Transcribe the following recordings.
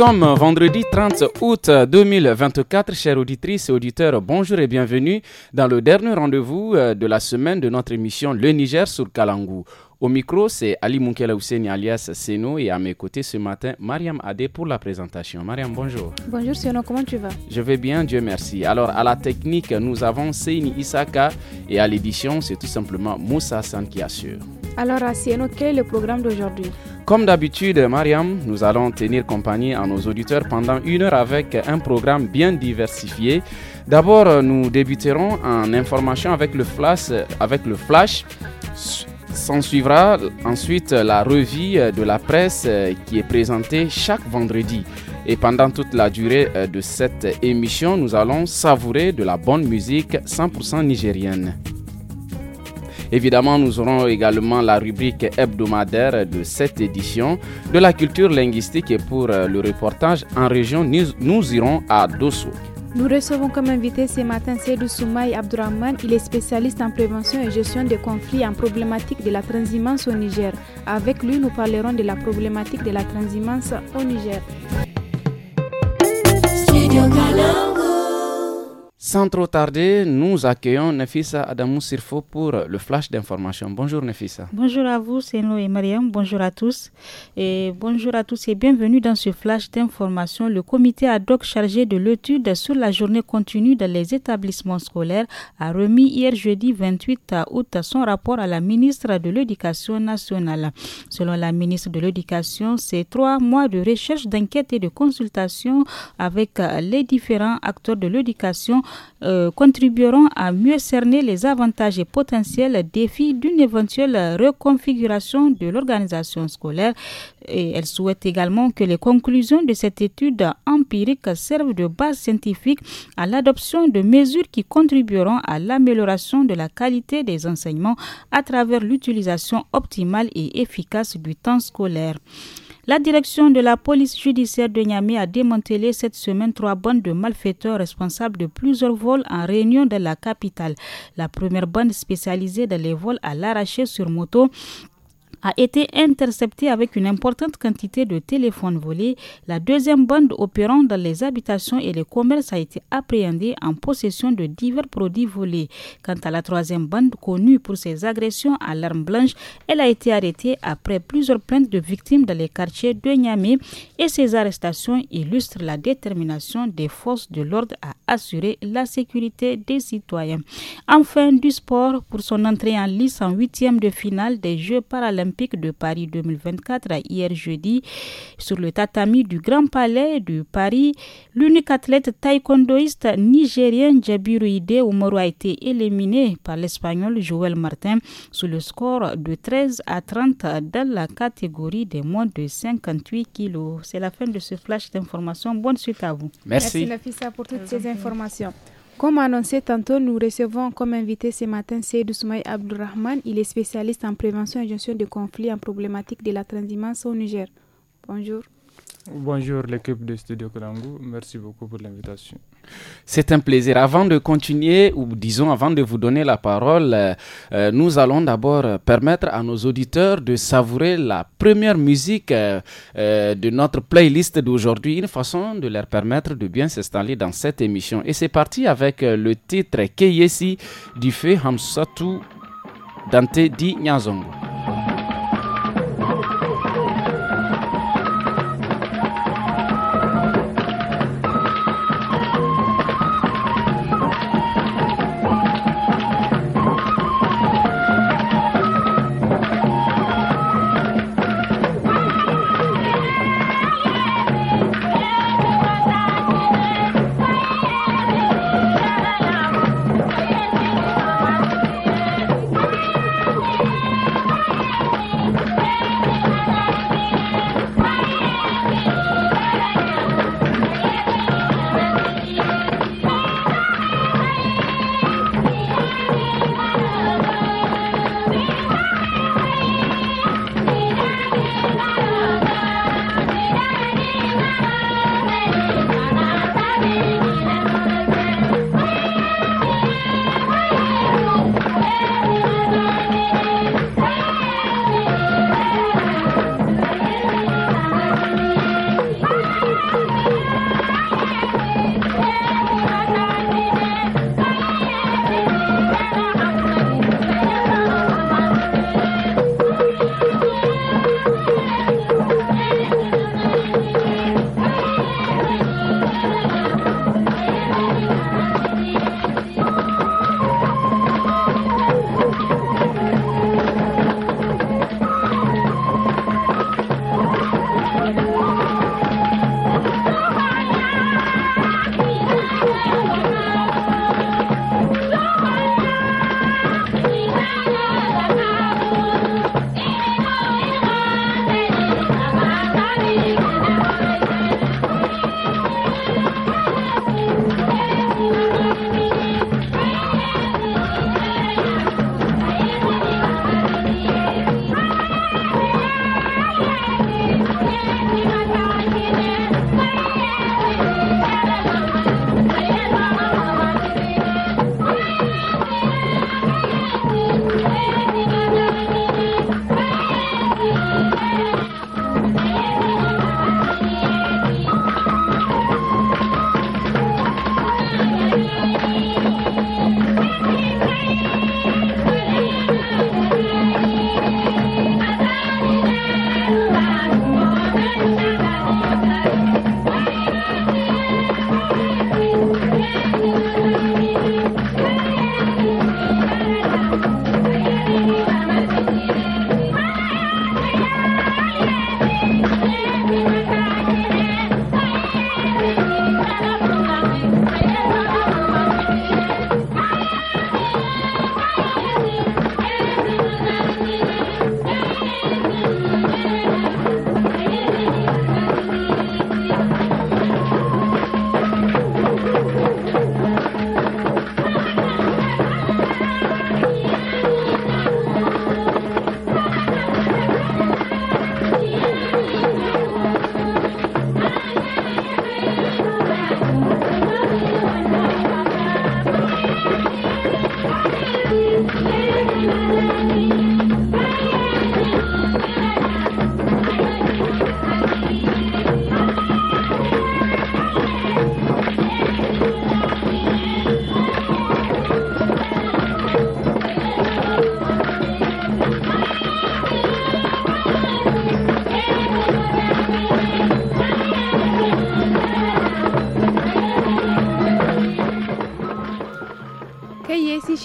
Nous sommes vendredi 30 août 2024. Chères auditrices et auditeurs, bonjour et bienvenue dans le dernier rendez-vous euh, de la semaine de notre émission Le Niger sur Kalangou. Au micro, c'est Ali Moukela Housseni alias Seno et à mes côtés ce matin, Mariam Adé pour la présentation. Mariam, bonjour. Bonjour Seno, comment tu vas Je vais bien, Dieu merci. Alors, à la technique, nous avons Seini Isaka et à l'édition, c'est tout simplement Moussa San qui assure. Alors, Asieno, quel est le programme d'aujourd'hui comme d'habitude, Mariam, nous allons tenir compagnie à nos auditeurs pendant une heure avec un programme bien diversifié. D'abord, nous débuterons en information avec le flash, avec le flash S'en suivra ensuite la revue de la presse qui est présentée chaque vendredi. Et pendant toute la durée de cette émission, nous allons savourer de la bonne musique 100% nigérienne. Évidemment, nous aurons également la rubrique hebdomadaire de cette édition de la culture linguistique et pour euh, le reportage en région, nous, irons à Dosso. Nous recevons comme invité ce matin Seydou Soumaï Abdourahman. Il est spécialiste en prévention et gestion des conflits en problématique de la transhumance au Niger. Avec lui, nous parlerons de la problématique de la transhumance au Niger. Sans trop tarder, nous accueillons Nefissa Adamou Sirfo pour le flash d'information. Bonjour Nefissa. Bonjour à vous, c'est et Mariam. Bonjour à tous. Et bonjour à tous et bienvenue dans ce flash d'information. Le comité ad hoc chargé de l'étude sur la journée continue dans les établissements scolaires a remis hier jeudi 28 août son rapport à la ministre de l'Éducation nationale. Selon la ministre de l'Éducation, ces trois mois de recherche, d'enquête et de consultation avec les différents acteurs de l'éducation euh, contribueront à mieux cerner les avantages et potentiels défis d'une éventuelle reconfiguration de l'organisation scolaire. Et elle souhaite également que les conclusions de cette étude empirique servent de base scientifique à l'adoption de mesures qui contribueront à l'amélioration de la qualité des enseignements à travers l'utilisation optimale et efficace du temps scolaire. La direction de la police judiciaire de Niamey a démantelé cette semaine trois bandes de malfaiteurs responsables de plusieurs vols en réunion de la capitale. La première bande spécialisée dans les vols à l'arraché sur moto a été intercepté avec une importante quantité de téléphones volés. La deuxième bande opérant dans les habitations et les commerces a été appréhendée en possession de divers produits volés. Quant à la troisième bande, connue pour ses agressions à l'arme blanche, elle a été arrêtée après plusieurs plaintes de victimes dans les quartiers de Niamey et ses arrestations illustrent la détermination des forces de l'ordre à assurer la sécurité des citoyens. Enfin, du sport pour son entrée en lice en huitième de finale des Jeux paralympiques de Paris 2024 hier jeudi sur le tatami du Grand Palais de Paris. L'unique athlète taekwondoiste nigérien Jabiruide Omoro a été éliminé par l'Espagnol Joël Martin sous le score de 13 à 30 dans la catégorie des moins de 58 kilos. C'est la fin de ce flash d'informations. Bonne suite à vous. Merci. Merci Nafisa pour toutes ces informations. Comme annoncé tantôt, nous recevons comme invité ce matin Seydou Soumaï Abdourahman. Il est spécialiste en prévention et gestion de conflits en problématique de la transhumance au Niger. Bonjour. Bonjour l'équipe de Studio Merci beaucoup pour l'invitation. C'est un plaisir. Avant de continuer, ou disons avant de vous donner la parole, euh, euh, nous allons d'abord permettre à nos auditeurs de savourer la première musique euh, de notre playlist d'aujourd'hui, une façon de leur permettre de bien s'installer dans cette émission. Et c'est parti avec le titre Keyesi du feu Hamsatu Dante Di Nyazongo.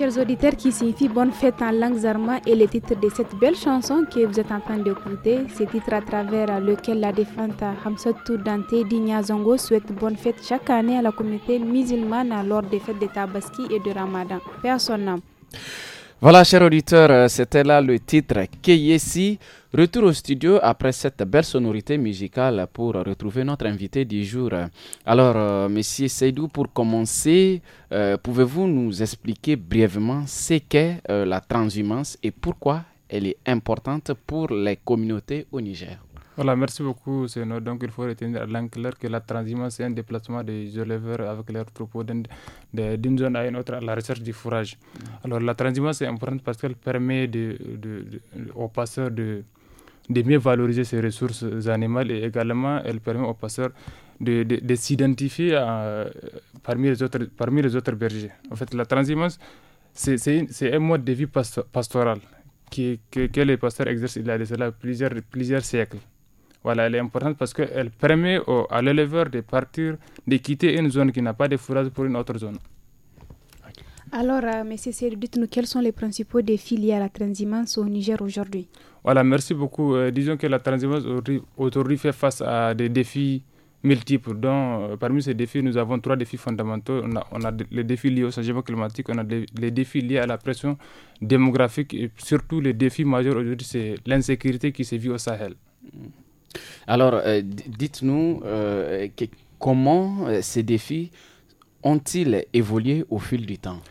chers auditeurs, qui signifie bonne fête en langue zarma et le titre de cette belle chanson que vous êtes en train d'écouter. c'est titre à travers lequel la défunte Hamsout Dante Digna Zongo souhaite bonne fête chaque année à la communauté musulmane lors des fêtes de Tabaski et de Ramadan. Personne Sonam voilà, chers auditeurs, euh, c'était là le titre Keyesi. Retour au studio après cette belle sonorité musicale pour retrouver notre invité du jour. Alors, euh, Monsieur Seydou, pour commencer, euh, pouvez-vous nous expliquer brièvement ce qu'est la transhumance et pourquoi elle est importante pour les communautés au Niger merci beaucoup, Donc, il faut retenir à l'enclair que la transhumance, est un déplacement des éleveurs avec leurs troupeaux d'une zone à une autre à la recherche du fourrage. Alors, la transhumance est importante parce qu'elle permet de, de, aux passeurs de, de mieux valoriser ses ressources animales et également, elle permet aux passeurs de, de, s'identifier parmi, les autres, parmi les autres bergers. En fait, la transhumance, c'est un mode de vie pastoral que, que, les pasteurs exercent il y a de plusieurs siècles. Voilà, elle est importante parce qu'elle permet à l'éleveur de partir, de quitter une zone qui n'a pas de fourrage pour une autre zone. Alors, euh, M. dites-nous quels sont les principaux défis liés à la transhumance au Niger aujourd'hui Voilà, merci beaucoup. Euh, disons que la transhumance aujourd'hui fait face à des défis multiples. Dont, euh, parmi ces défis, nous avons trois défis fondamentaux. On a, les défis liés au changement climatique, on a les, défis liés à la pression démographique et surtout les défis majeurs aujourd'hui, c'est l'insécurité qui se vit au Sahel. Mm. Alors, euh, dites-nous euh, comment euh, ces défis ont-ils évolué au fil du temps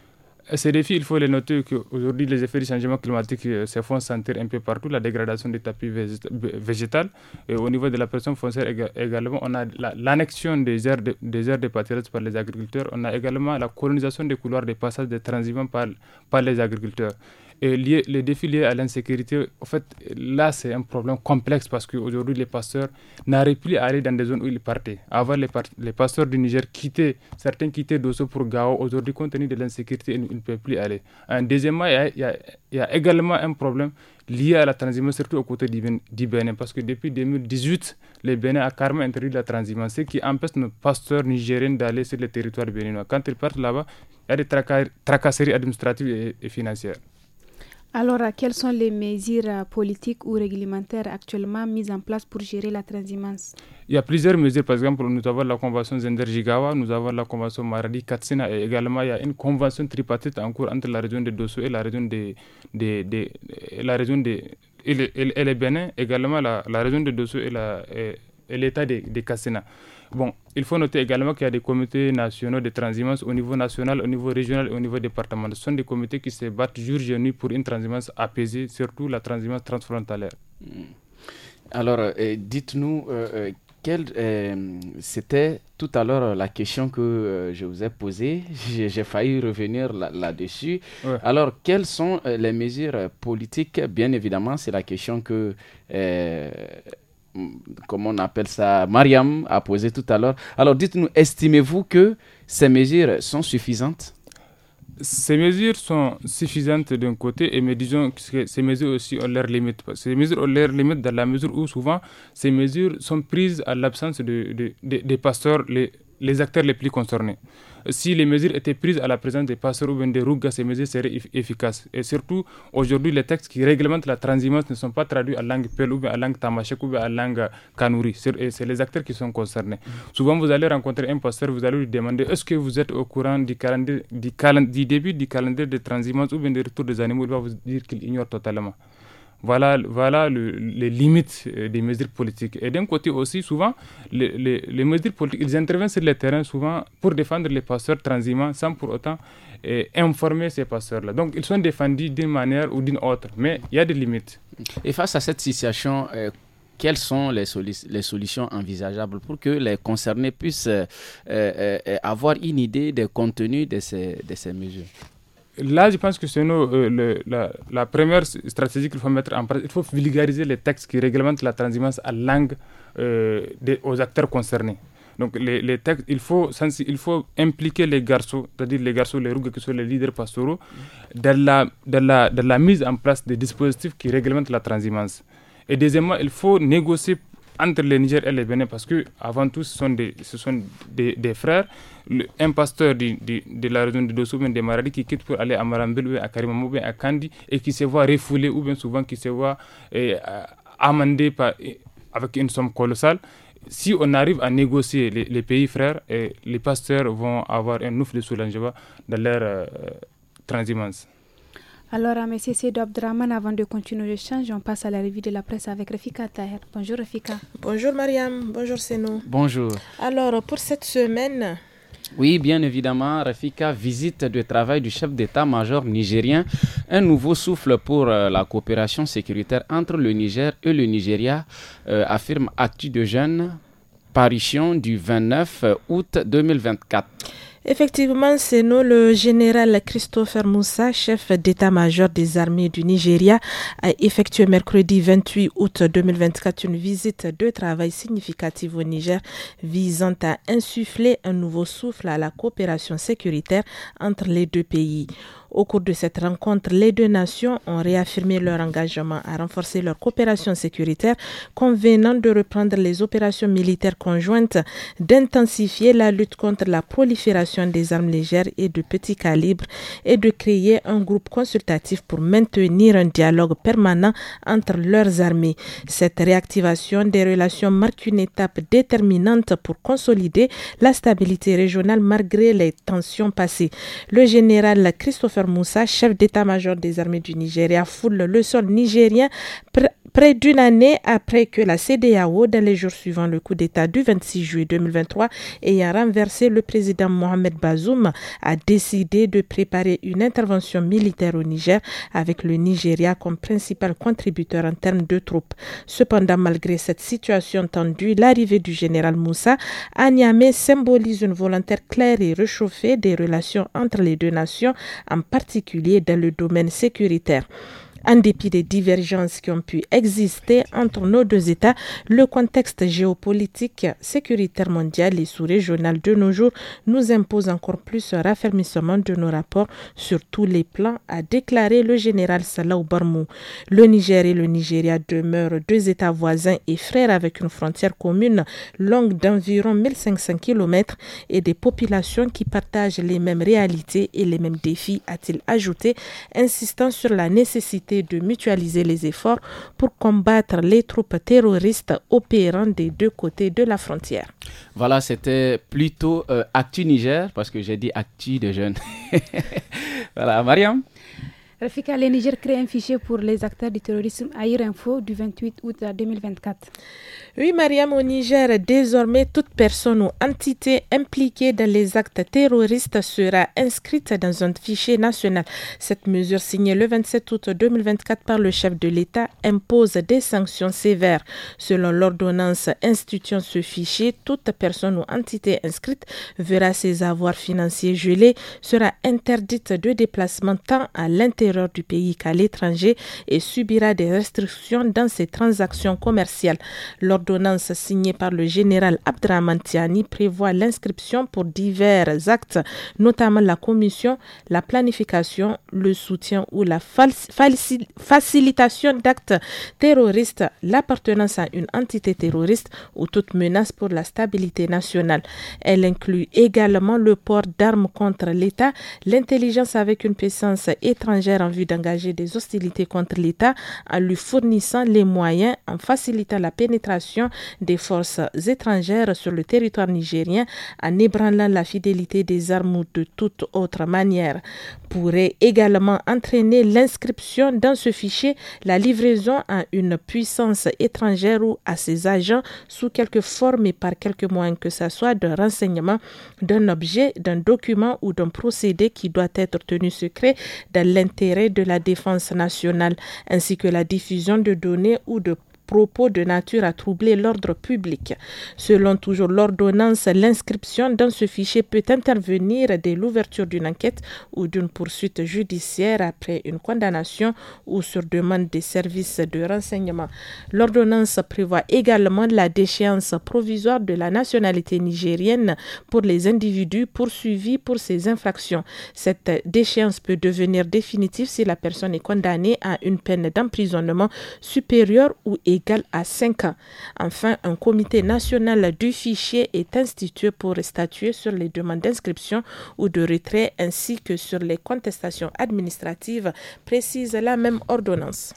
ces défis, il faut les noter qu'aujourd'hui, les effets du changement climatique se font sentir un peu partout. La dégradation des tapis végétales. Et au niveau de la pression foncière également, on a l'annexion des aires des aires de par les agriculteurs. On a également la colonisation des couloirs de passage des transiments par, par les agriculteurs les défis liés à l'insécurité, en fait, là, c'est un problème complexe parce qu'aujourd'hui, les pasteurs n'arrivent plus à aller dans des zones où ils partaient. Avant, les, pasteurs du Niger quittaient, certains quittaient Dosso pour Gao. Aujourd'hui, compte tenu de l'insécurité, ils, ne peuvent plus aller. Un deuxièmement, il y, a, également un problème lié à la transition, surtout aux côtés du, Bénin, parce que depuis 2018, le Bénin a carrément interdit la transhumance, ce qui empêche nos pasteurs nigériens d'aller sur le territoire béninois. Quand ils partent là-bas, il y a des tracasseries administratives et financières. Alors, quelles sont les mesures euh, politiques ou réglementaires actuellement mises en place pour gérer la transhumance Il y a plusieurs mesures. Par exemple, nous avons la convention zender nous avons la convention Maradi-Katsina et également il y a une convention tripartite en cours entre la région de Dosso et la région de, la région de et le, également la, région de Dosso et l'État de, de Katsina. Bon, il faut noter également qu'il y a des comités nationaux de transhumance au niveau national, au niveau régional et au niveau départemental. Ce sont des comités qui se battent jour et nuit pour une transhumance apaisée, surtout la transhumance transfrontalière. Hmm. Alors, euh, dites-nous, euh, euh, euh, c'était tout à l'heure la question que je vous ai posée. J'ai failli revenir là-dessus. Alors, quelles sont les mesures politiques Bien évidemment, c'est la question que Mm, comment on appelle ça, Mariam a posé tout à l'heure. Alors dites-nous, estimez-vous que ces mesures sont suffisantes ces mesures sont suffisantes d'un côté, et mais disons que ces mesures aussi ont leurs limites. Ces mesures ont leurs limites dans la mesure où souvent ces mesures sont prises à l'absence de, des pasteurs, les les acteurs les plus concernés. Si les mesures étaient prises à la présence des passeurs ou des rougas, ces mesures seraient efficaces. Et surtout, aujourd'hui, les textes qui réglementent la transhumance ne sont pas traduits en langue peul ou en langue tamashek ou en langue kanouri. C'est les acteurs qui sont concernés. Mm. Souvent, vous allez rencontrer un pasteur, vous allez lui demander est-ce que vous êtes au courant du, début du calendrier de transhumance ou bien du retour des animaux Il va vous dire qu'il ignore totalement. Voilà, voilà les limites euh, des mesures politiques. Et d'un côté aussi, souvent, les, mesures politiques, ils interviennent sur le terrain souvent pour défendre les passeurs transhumants sans pour autant euh, informer ces passeurs-là. Donc, ils sont défendus d'une manière ou d'une autre, mais il y a des limites. Et face à cette situation, euh, quelles sont les, les, solutions envisageables pour que les concernés puissent avoir une idée des contenus de de ces mesures là, je pense que c'est euh, la, première stratégie qu'il faut mettre en place. Il faut vulgariser les textes qui réglementent la transhumance à langue euh, des, aux acteurs concernés. Donc, les, textes, il faut, il faut impliquer les garçons, c'est-à-dire les garçons, les rougues qui sont les leaders pastoraux, dans la, dans la, dans la mise en place des dispositifs qui réglementent la transhumance. Et deuxièmement, il faut négocier entre le Niger et le Bénin parce que avant tout ce sont des, ce sont des, frères. un pasteur de la région de Dosso, des Maradi, qui quitte pour aller à Marambel à Karimamou, à Kandi et qui se voit refoulé ou bien souvent qui se voit eh, amendé par, eh, avec une somme colossale. Si on arrive à négocier les, pays frères, eh, les pasteurs vont avoir un ouf de soulagement dans leur euh, alors, à M. Abdraman, e avant de continuer l'échange, on passe à la revue de la presse avec Rafika Taher. Bonjour Rafika. Bonjour Mariam, bonjour Seno. Bonjour. Alors, pour cette semaine, oui, bien évidemment, Rafika, visite de travail du chef d'état-major nigérien, un nouveau souffle pour euh, la coopération sécuritaire entre le Niger et le Nigeria, euh, affirme Actu de Jeunes, parution du 29 euh, août 2024. Effectivement, c'est nous, le général Christopher Moussa, chef d'état-major des armées du Nigeria, a effectué mercredi 28 août 2024 une visite de travail significative au Niger visant à insuffler un nouveau souffle à la coopération sécuritaire entre les deux pays. Au cours de cette rencontre, les deux nations ont réaffirmé leur engagement à renforcer leur coopération sécuritaire, convenant de reprendre les opérations militaires conjointes, d'intensifier la lutte contre la prolifération des armes légères et de petits calibres et de créer un groupe consultatif pour maintenir un dialogue permanent entre leurs armées. Cette réactivation des relations marque une étape déterminante pour consolider la stabilité régionale malgré les tensions passées. Le général Christopher Moussa, chef d'état-major des armées du Nigeria, foule le sol nigérien près d'une année après que la CDAO, dans les jours suivants le coup d'État du 26 juillet 2023, ayant renversé le président Mohamed Bazoum, a décidé de préparer une intervention militaire au Niger avec le Nigeria comme principal contributeur en termes de troupes. Cependant, malgré cette situation tendue, l'arrivée du général Moussa à Niamey symbolise une volonté claire et réchauffée des relations entre les deux nations en particulier dans le domaine sécuritaire. En dépit des divergences qui ont pu exister entre nos deux États, le contexte géopolitique, sécuritaire mondial et sous-régional de nos jours nous impose encore plus un raffermissement de nos rapports sur tous les plans, a déclaré le général Salah Barmou. Le Niger et le Nigeria demeurent deux États voisins et frères avec une frontière commune longue d'environ 1500 km et des populations qui partagent les mêmes réalités et les mêmes défis, a-t-il ajouté, insistant sur la nécessité de mutualiser les efforts pour combattre les troupes terroristes opérant des deux côtés de la frontière. Voilà, c'était plutôt euh, Actu Niger, parce que j'ai dit Actu de jeunes. voilà, Mariam. Rafika, le Niger crée un fichier pour les acteurs du terrorisme Aïr Info du 28 août 2024. Oui, Mariam, au Niger, désormais, toute personne ou entité impliquée dans les actes terroristes sera inscrite dans un fichier national. Cette mesure, signée le 27 août 2024 par le chef de l'État, impose des sanctions sévères. Selon l'ordonnance instituant ce fichier, toute personne ou entité inscrite verra ses avoirs financiers gelés, sera interdite de déplacement tant à l'intérieur du pays qu'à l'étranger et subira des restrictions dans ses transactions commerciales. L'ordonnance signée par le général Abdramantiani prévoit l'inscription pour divers actes, notamment la commission, la planification, le soutien ou la facilitation d'actes terroristes, l'appartenance à une entité terroriste ou toute menace pour la stabilité nationale. Elle inclut également le port d'armes contre l'État, l'intelligence avec une puissance étrangère en vue d'engager des hostilités contre l'État en lui fournissant les moyens, en facilitant la pénétration des forces étrangères sur le territoire nigérien, en ébranlant la fidélité des armes ou de toute autre manière, pourrait également entraîner l'inscription dans ce fichier la livraison à une puissance étrangère ou à ses agents sous quelque forme et par quelque moyen que ce soit d'un renseignement, d'un objet, d'un document ou d'un procédé qui doit être tenu secret dans l'intérêt de la défense nationale, ainsi que la diffusion de données ou de propos de nature à troubler l'ordre public. Selon toujours l'ordonnance, l'inscription dans ce fichier peut intervenir dès l'ouverture d'une enquête ou d'une poursuite judiciaire après une condamnation ou sur demande des services de renseignement. L'ordonnance prévoit également la déchéance provisoire de la nationalité nigérienne pour les individus poursuivis pour ces infractions. Cette déchéance peut devenir définitive si la personne est condamnée à une peine d'emprisonnement supérieure ou égale à 5 ans. Enfin, un comité national du fichier est institué pour statuer sur les demandes d'inscription ou de retrait ainsi que sur les contestations administratives, précise la même ordonnance.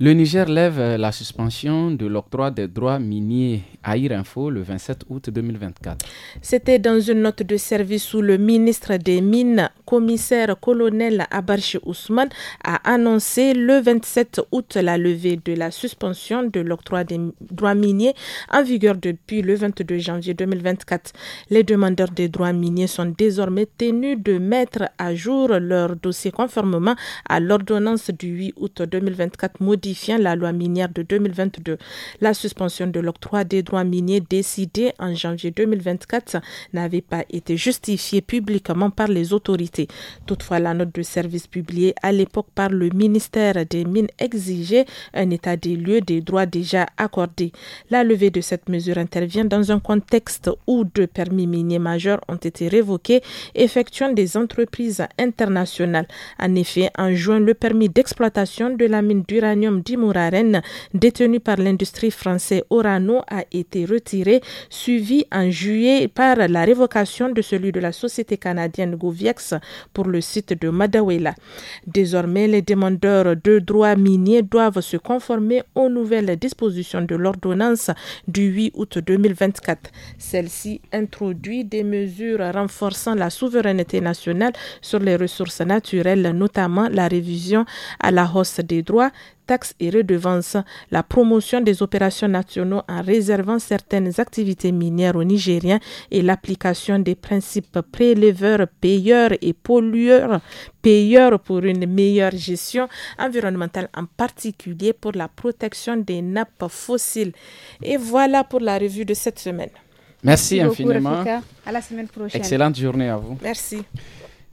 Le Niger lève euh, la suspension de l'octroi des droits miniers à Info le 27 août 2024. C'était dans une note de service où le ministre des Mines, commissaire colonel Abarche Ousmane, a annoncé le 27 août la levée de la suspension de l'octroi des droits miniers en vigueur depuis le 22 janvier 2024. Les demandeurs des droits miniers sont désormais tenus de mettre à jour leur dossier conformément à l'ordonnance du 8 août 2024 modifiant la loi minière de 2022. La suspension de l'octroi des droits miniers décidée en janvier 2024 n'avait pas été justifiée publiquement par les autorités. Toutefois, la note de service publiée à l'époque par le ministère des Mines exigeait un état des lieux des droits déjà accordé. La levée de cette mesure intervient dans un contexte où deux permis miniers majeurs ont été révoqués, effectuant des entreprises internationales. En effet, en juin, le permis d'exploitation de la mine d'uranium d'Imouraren, détenue par l'industrie française Orano, a été retiré, suivi en juillet par la révocation de celui de la société canadienne Goviex pour le site de Madawela. Désormais, les demandeurs de droits miniers doivent se conformer aux nouvelles disposition de l'ordonnance du 8 août 2024. Celle-ci introduit des mesures renforçant la souveraineté nationale sur les ressources naturelles, notamment la révision à la hausse des droits taxes et redevances, la promotion des opérations nationaux en réservant certaines activités minières aux Nigériens et l'application des principes préleveurs, payeurs et pollueurs, payeurs pour une meilleure gestion environnementale, en particulier pour la protection des nappes fossiles. Et voilà pour la revue de cette semaine. Merci, infiniment. à la semaine prochaine. Excellente journée à vous. Merci.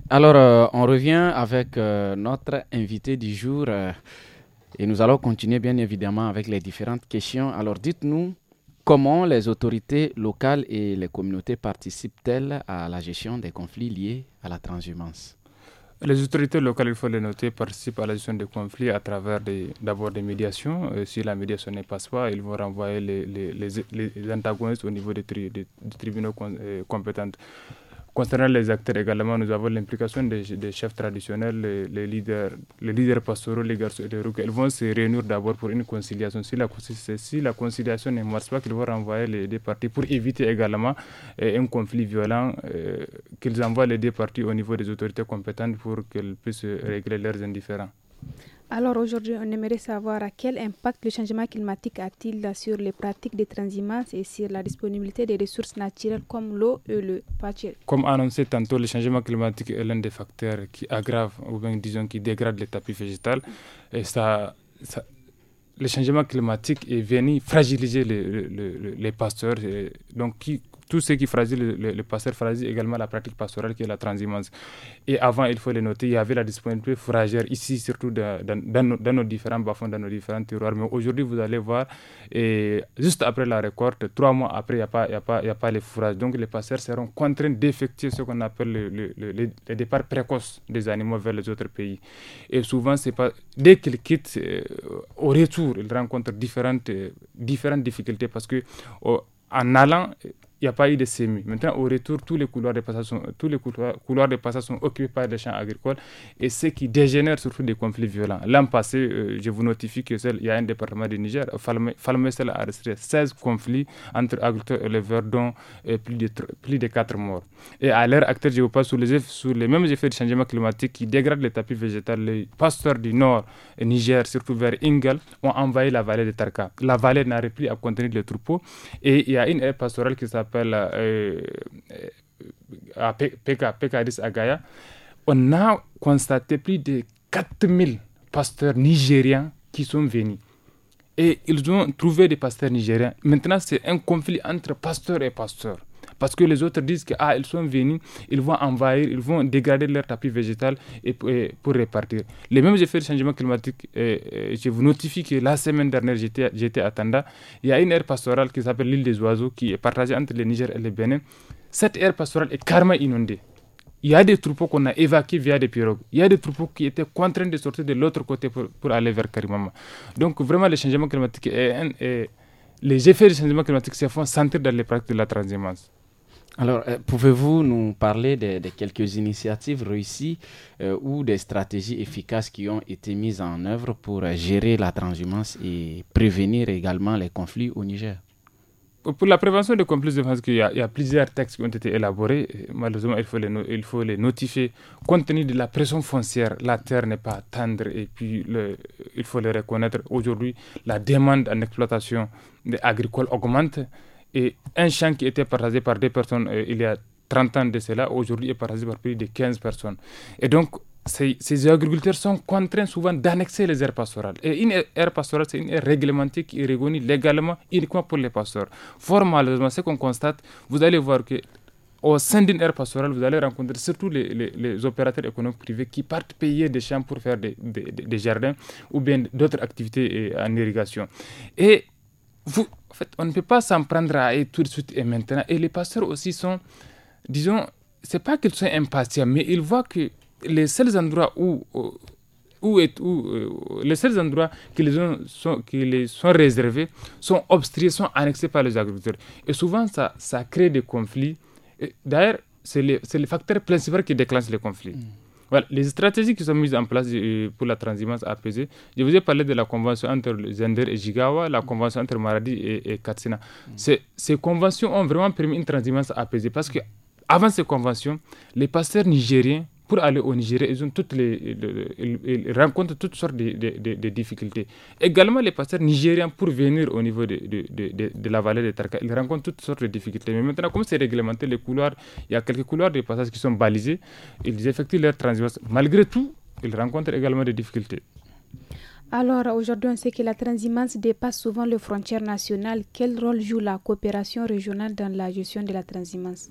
Alors, euh, on revient avec euh, notre invité du jour. Euh, et nous allons continuer bien évidemment avec les différentes questions. Alors dites-nous comment les autorités locales et les communautés participent-elles à la gestion des conflits liés à la transhumance les autorités locales, il faut les noter, participent à la gestion des conflits à travers d'abord des, médiations. Euh, si la médiation ne passe pas, ils vont renvoyer les, antagonistes au niveau des, des tribunaux euh, compétents. Concernant les acteurs également, nous avons l'implication des, chefs traditionnels, les, leaders, les leaders pastoraux, les garçons et les rouges. Ils vont se réunir d'abord pour une conciliation. Si la, conciliation ne marche pas, qu'ils vont renvoyer les deux parties pour éviter également eh, un conflit violent, eh, qu'ils envoient les deux parties au niveau des autorités compétentes pour qu'elles puissent régler leurs indifférents. Alors aujourd'hui, on aimerait savoir à quel impact le changement climatique a-t-il sur les pratiques des transhumance et sur la disponibilité des ressources naturelles comme l'eau et le pâture. Comme annoncé tantôt, le changement climatique est l'un des facteurs qui aggrave ou bien disons qui dégrade les tapis végétales. Et ça, le changement climatique est venu fragiliser les, les pasteurs, donc qui tous ceux qui fragile le, pasteur fragile également la pratique pastorale qui est la transhumance. Et avant, il faut le noter, il y avait la disponibilité fourragère ici, surtout dans, nos, différents bas dans nos différents terroirs. Mais aujourd'hui, vous allez voir, et juste après la récolte, trois mois après, il n'y a, pas, a pas les fourrages. Donc les pasteurs seront contraints d'effectuer ce qu'on appelle le, le, départ précoce des animaux vers les autres pays. Et souvent, c'est pas dès qu'ils quittent, euh, au retour, ils rencontrent différentes, euh, différentes difficultés parce que en allant, n'y a pas eu de semis. Maintenant, au retour, tous les couloirs de passage sont, tous les couloirs, couloirs de passage sont occupés par des champs agricoles et ce qui dégénère surtout des conflits violents. L'an passé, euh, je vous notifie que il y a un département du Niger, cela a 16 conflits entre agriculteurs et Le Verdon, et euh, plus, de, plus de 4 morts. Et à l'heure actuelle, je vous parle sur les, sous les mêmes effets du changement climatique qui dégradent les tapis végétaux. Les pasteurs du nord et euh, Niger, surtout vers Ingle, ont envahi la vallée de Tarka. La vallée n'arrive plus à contenir les troupeaux et il y a une aire pastorale qui s'appelle à eh, eh, ah, Agaya, on a constaté plus de 4000 pasteurs nigériens qui sont venus. Et ils ont trouvé des pasteurs nigériens. Maintenant, c'est un conflit entre pasteurs et pasteurs. Parce que les autres disent que ah, ils sont venus, ils vont envahir, ils vont dégrader leur tapis végétal et, pour répartir. Les mêmes effets de changement climatique, euh, euh, je vous notifie que la semaine dernière, j'étais à Tanda, il y a une aire pastorale qui s'appelle l'île des oiseaux qui est partagée entre le Niger et le Bénin. Cette aire pastorale est carrément inondée. Il y a des troupeaux qu'on a évacués via des pirogues. Il y a des troupeaux qui étaient contraints de sortir de l'autre côté pour, aller vers Karimama. Donc vraiment, le changement climatique les effets du changement climatique se font sentir dans les pratiques de la transhumance. Alors, euh, pouvez-vous nous parler de, quelques initiatives réussies euh, ou des stratégies efficaces qui ont été mises en œuvre pour euh, gérer la transhumance et prévenir également les conflits au Niger pour la prévention des conflits de il, y a, y a plusieurs textes qui ont été élaborés. Malheureusement, il faut, les, notifier. Compte tenu de la pression foncière, la terre n'est pas tendre et puis il faut le reconnaître. Aujourd'hui, la demande en exploitation agricole augmente et un champ qui était partagé par des personnes euh, il y a 30 ans de cela, aujourd'hui est partagé par plus de 15 personnes. Et donc, ces, agriculteurs sont contraints souvent d'annexer les aires pastorales. Et une aire pastorale, c'est une aire réglementée qui est réunie légalement uniquement pour les pasteurs. Fort malheureusement, ce qu'on constate, vous allez voir que au sein d'une aire pastorale, vous allez rencontrer surtout les, opérateurs économiques privés qui partent payer des champs pour faire des, des jardins ou bien d'autres activités euh, en irrigation. Et vous, en fait, on ne peut pas s'en prendre à eux tout de suite et maintenant. Et les pasteurs aussi sont, disons, c'est pas qu'ils sont impatients, mais ils voient que les seuls endroits où, euh, où, euh, les seuls endroits qui les, sont, qui les sont réservés sont obstrués, sont annexés par les agriculteurs. Et souvent, ça, ça crée des conflits. D'ailleurs, c'est le, facteur principal qui déclenche les conflits. Mm. Voilà, les stratégies qui sont mises en place euh, pour la transhumance apaisée, je vous ai parlé de la convention entre Zender et Jigawa, la convention entre Maradi et, Katsina. Ces, conventions ont vraiment permis une transhumance apaisée parce que avant ces conventions, les pasteurs nigériens pour aller au Nigeria, ils, ont toutes les, rencontrent toutes sortes de, difficultés. Également, les pasteurs nigériens, pour venir au niveau de, la vallée de Tarka, ils rencontrent toutes sortes de difficultés. Mais maintenant, comme c'est réglementé, les couloirs, il y a quelques couloirs de passage qui sont balisés, ils effectuent leur transverse. Malgré tout, ils rencontrent également des difficultés. Alors aujourd'hui, on sait que la transhumance dépasse souvent les frontières nationales. Quel rôle joue la coopération régionale dans la gestion de la transhumance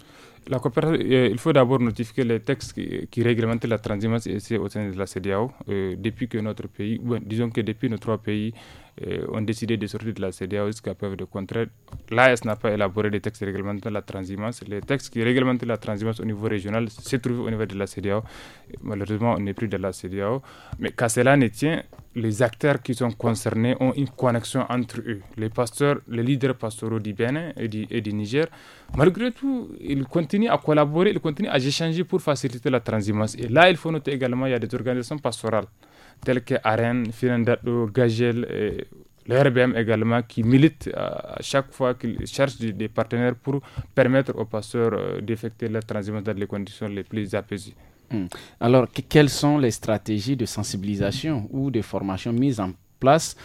la euh, il faut d'abord notifier les textes qui, réglementent la transhumance au sein de la CDAO. Euh, depuis que notre pays, disons que depuis nos trois pays euh, ont décidé de sortir de la CDAO jusqu'à preuve de contraire. L'AS n'a pas élaboré des textes réglementant la transhumance. Les textes qui réglementent la transhumance au niveau régional se trouvent au niveau de la CDAO. Malheureusement, on n'est plus de la CDAO. Mais quand cela ne tient, les acteurs qui sont concernés ont une connexion entre eux. Les pasteurs, les leaders pastoraux du Bénin et du, Niger, malgré tout, ils continuent à collaborer, ils continuent à échanger pour faciliter la transhumance. Et là, il faut noter également qu'il y a des organisations pastorales tels que Arène, Gagel, et le RBM également, qui militent euh, à chaque fois qu'ils cherchent des partenaires pour permettre aux passeurs euh, d'effectuer leur transhumance dans les conditions les plus apaisées. Hmm. Alors, quelles sont les stratégies de sensibilisation ou de formation mises en place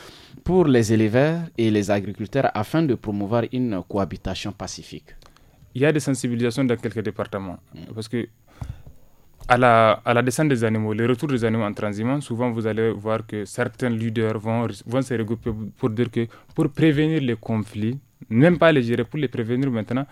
pour les éleveurs et les agriculteurs afin de promouvoir une cohabitation pacifique Il y a des sensibilisations dans quelques départements. Hmm. Parce que à la, à la, descente des animaux, le retour des animaux en transhumance, souvent vous allez voir que certains leaders vont, vont se regrouper pour dire que pour prévenir les conflits, même pas les gérer, pour les prévenir maintenant,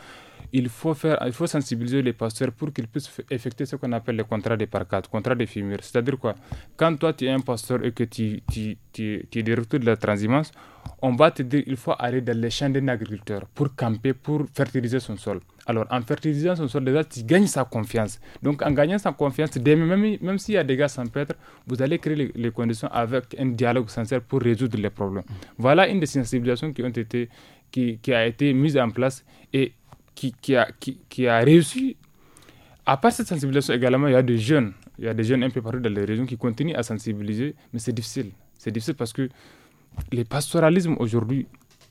il faut, faire, il faut sensibiliser les pasteurs pour qu'ils puissent effectuer ce qu'on appelle le contrat de parcade, contrat de fumure. C'est-à-dire quoi Quand toi, tu es un pasteur et que tu, tu, tu, tu es directeur de la transhumance, on va te dire il faut aller dans les champs d'un agriculteur pour camper, pour fertiliser son sol. Alors, en fertilisant son sol, déjà, tu gagnes sa confiance. Donc, en gagnant sa confiance, même, même s'il y a des gars sans pêtre, vous allez créer les, les, conditions avec un dialogue sincère pour résoudre les problèmes. Voilà une des sensibilisations qui, ont été, qui, qui a été mise en place et qui, a, qui, a réussi. À part cette sensibilisation également, il y a des jeunes, il y a des jeunes un peu partout dans les régions qui continuent à sensibiliser, mais c'est difficile. C'est difficile parce que le pastoralisme aujourd'hui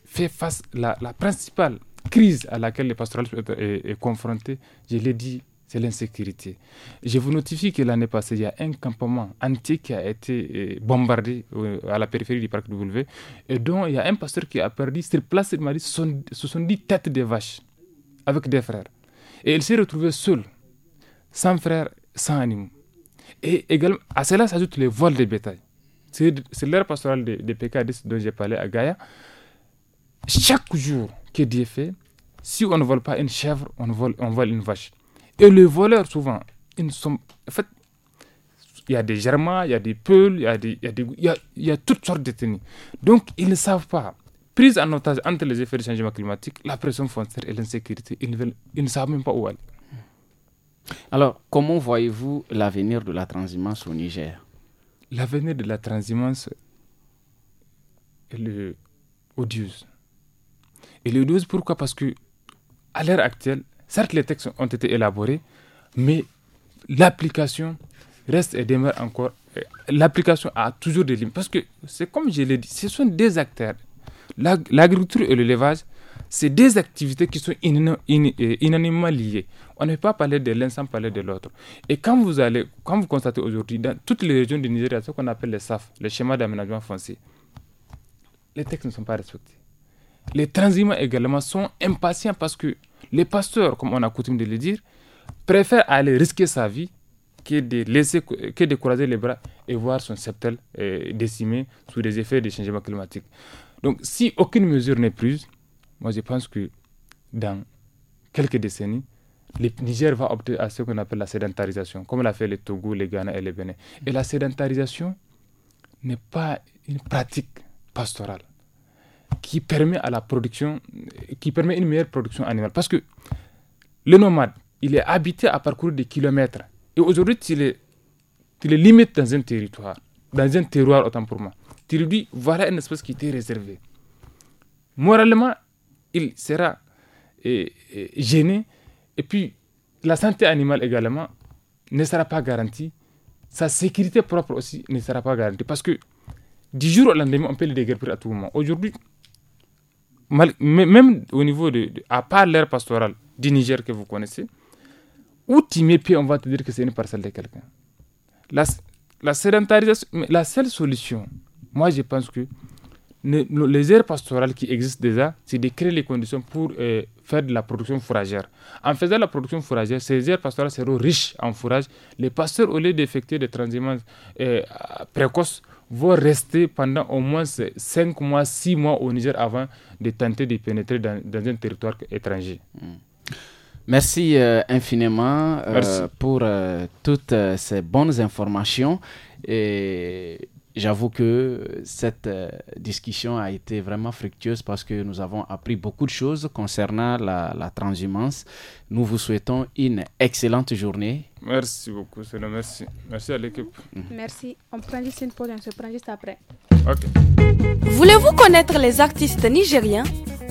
fait face à la, principale crise à laquelle le pastoralisme est, confronté, je l'ai dit, c'est l'insécurité. Je vous notifie que l'année passée, il y a un campement entier qui a été eh, bombardé euh, à la périphérie du parc de W et dont il y a un pasteur qui a perdu sur place, il m'a dit 70 têtes de vaches avec des frères. Et il s'est retrouvé seul, sans frères, sans animaux. Et également, à cela s'ajoutent les vols de bétail. C'est l'ère pastorale des, des dont j'ai parlé à Gaïa. Chaque jour que Dieu fait, si on ne vole pas une chèvre, on vole, on une vache. Et les voleurs, souvent, ils sont. En fait, il y a des germains, il y a des peuls, il y a, il y, a il y a toutes sortes de tenues. Donc, ils ne savent pas prise en otage entre les effets du changement climatique, la pression foncière et l'insécurité. Ils, ne savent même pas où aller. Alors, comment voyez-vous l'avenir de la transhumance au Niger L'avenir de la transhumance est odieuse. Et est odieux, pourquoi Parce que à l'heure actuelle, certes les textes ont été élaborés, mais l'application reste et demeure encore. Euh, l'application a toujours des limites. Parce que c'est comme je l'ai dit, ce sont des acteurs l'agriculture et l'élevage, c'est des activités qui sont inanimement euh, liées. On ne peut pas parler de l'un sans parler de l'autre. Et quand vous allez, quand vous constatez aujourd'hui, dans toutes les régions du Nigeria, ce qu'on appelle les SAF, les schémas d'aménagement foncier, les textes ne sont pas respectés. Les transhumants également sont impatients parce que les pasteurs, comme on a coutume de le dire, préfèrent aller risquer sa vie que de laisser que de croiser les bras et voir son septel euh, décimé sous les effets des changements climatiques. Donc, si aucune mesure n'est prise, moi je pense que dans quelques décennies, le Niger va opter à ce qu'on appelle la sédentarisation, comme l'a fait le Togo, les Ghana et les Bénin. Et la sédentarisation n'est pas une pratique pastorale qui permet à la production, qui permet une meilleure production animale. Parce que le nomade, il est habité à parcourir des kilomètres. Et aujourd'hui, tu est, limites dans un territoire, dans un terroir autant pour moi tu lui voilà une espèce qui était réservé. Moralement, il sera euh, euh, gêné. Et puis, la santé animale également ne sera pas garantie. Sa sécurité propre aussi ne sera pas garantie. Parce que du jour au lendemain, on peut le déguerpir à tout moment. Aujourd'hui, même au niveau de, à part l'ère pastorale du Niger que vous connaissez, où tu mets pied, on va te dire que c'est une parcelle de quelqu'un. La, la sédentarisation, la seule solution, moi, je pense que les aires pastorales qui existent déjà, c'est de créer les conditions pour euh, faire de la production fourragère. En faisant la production fourragère, ces aires pastorales seront riches en fourrage. Les pasteurs, au lieu d'effectuer des transhumances euh, précoces, vont rester pendant au moins 5 mois, 6 mois au Niger avant de tenter de pénétrer dans, un territoire étranger. Mm. Merci euh, infiniment pour toutes ces bonnes informations. Et j'avoue que cette euh, discussion a été vraiment fructueuse parce que nous avons appris beaucoup de choses concernant la, la transhumance. Nous vous souhaitons une excellente journée. Merci beaucoup, c'est merci. Merci à l'équipe. Mhm. Merci. On prend juste une pause, on se prend juste après. Voulez-vous connaître les artistes nigériens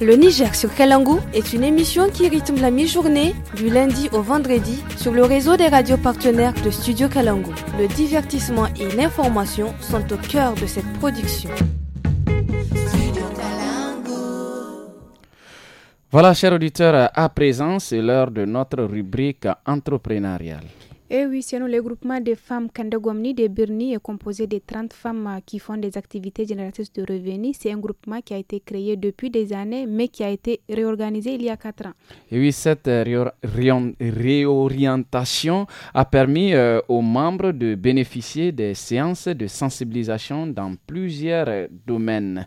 Le Niger sur Kalangou est une émission qui rythme la mi-journée du lundi au vendredi sur le réseau des radios partenaires de Studio Kalangou. Le divertissement et l'information sont au cœur de cette production. Voilà, chers auditeurs, à présent, c'est l'heure de notre rubrique entrepreneuriale. Eh oui, le groupement des femmes Kandagomni de Birni est composé de 30 femmes euh, qui font des activités génératrices de revenus. C'est un groupement qui a été créé depuis des années, mais qui a été réorganisé il y a 4 ans. Et oui, cette euh, réorientation a permis euh, aux membres de bénéficier des séances de sensibilisation dans plusieurs domaines.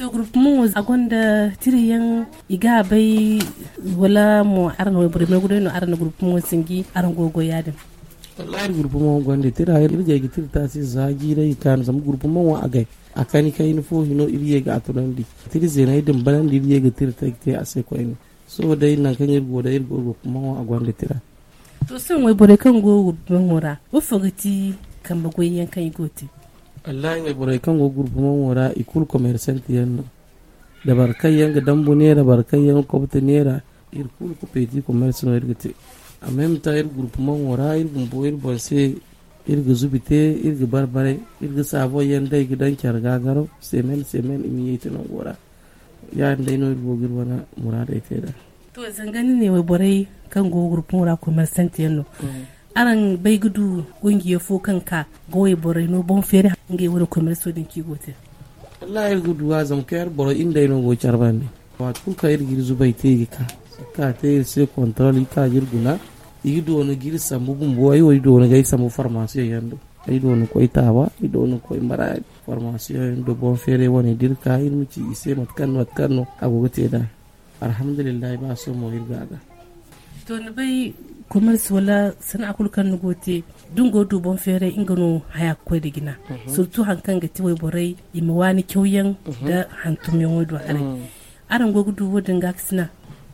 to group mu agonda tiriyan iga bai wala mo arna way bure me gudo no arna group mu singi aran gogo yadin wallahi group mu gonde tira hay irje gi tirta si zagi dai kan zam group mu wa agai akani kai ni fo hino irje ga aturandi tiri zenai dum balandi irje ga tirta te ase ko ni so dai nan kan irgo da irgo go kuma wa agonde tira to sun way bure kan go group mu ra ufugati kan bagoyen kan igoti wallahi ngai boray kango groupe mo wara ikul commerçant yan da yan yanga dambu nera barkay yanga kobte nera irkul ku peti commerce no irgite amma même ta ir groupe mo wora ir gumbo ir bonse irga zubite irga barbare irga sabo yanda iga dan carga garo semen semen imi yete no wora ya dai no irgo girwana murada da to zangani ne wai boray kan groupe mo wara commerçant yenno mm -hmm. aran bai gudu kungiya fo kanka goye bore no bon fere ngai wani commerce din ki gote wallahi gudu wa zan kayar boro inda ino go charbande wa tun ka yir gir zubai te ka ka te se control ka yir guna yi do no gir sambu gumbo ayi yi do no gai sambu pharmacy yando ayi do no koy tawa yi do no koy mara pharmacy yando bon fere woni dir ka yir mu ci ise mat matkan no kanno agogote da alhamdulillah ba so mo yir gaga to ne bai su wala sana akul kan nugote dungo du bon fere ingano haya ko de gina mhm. surtout hankan ga tiwai borai wani kyauyen mhm. da hantum yon do are mhm. aran gogu du wodin ga kisna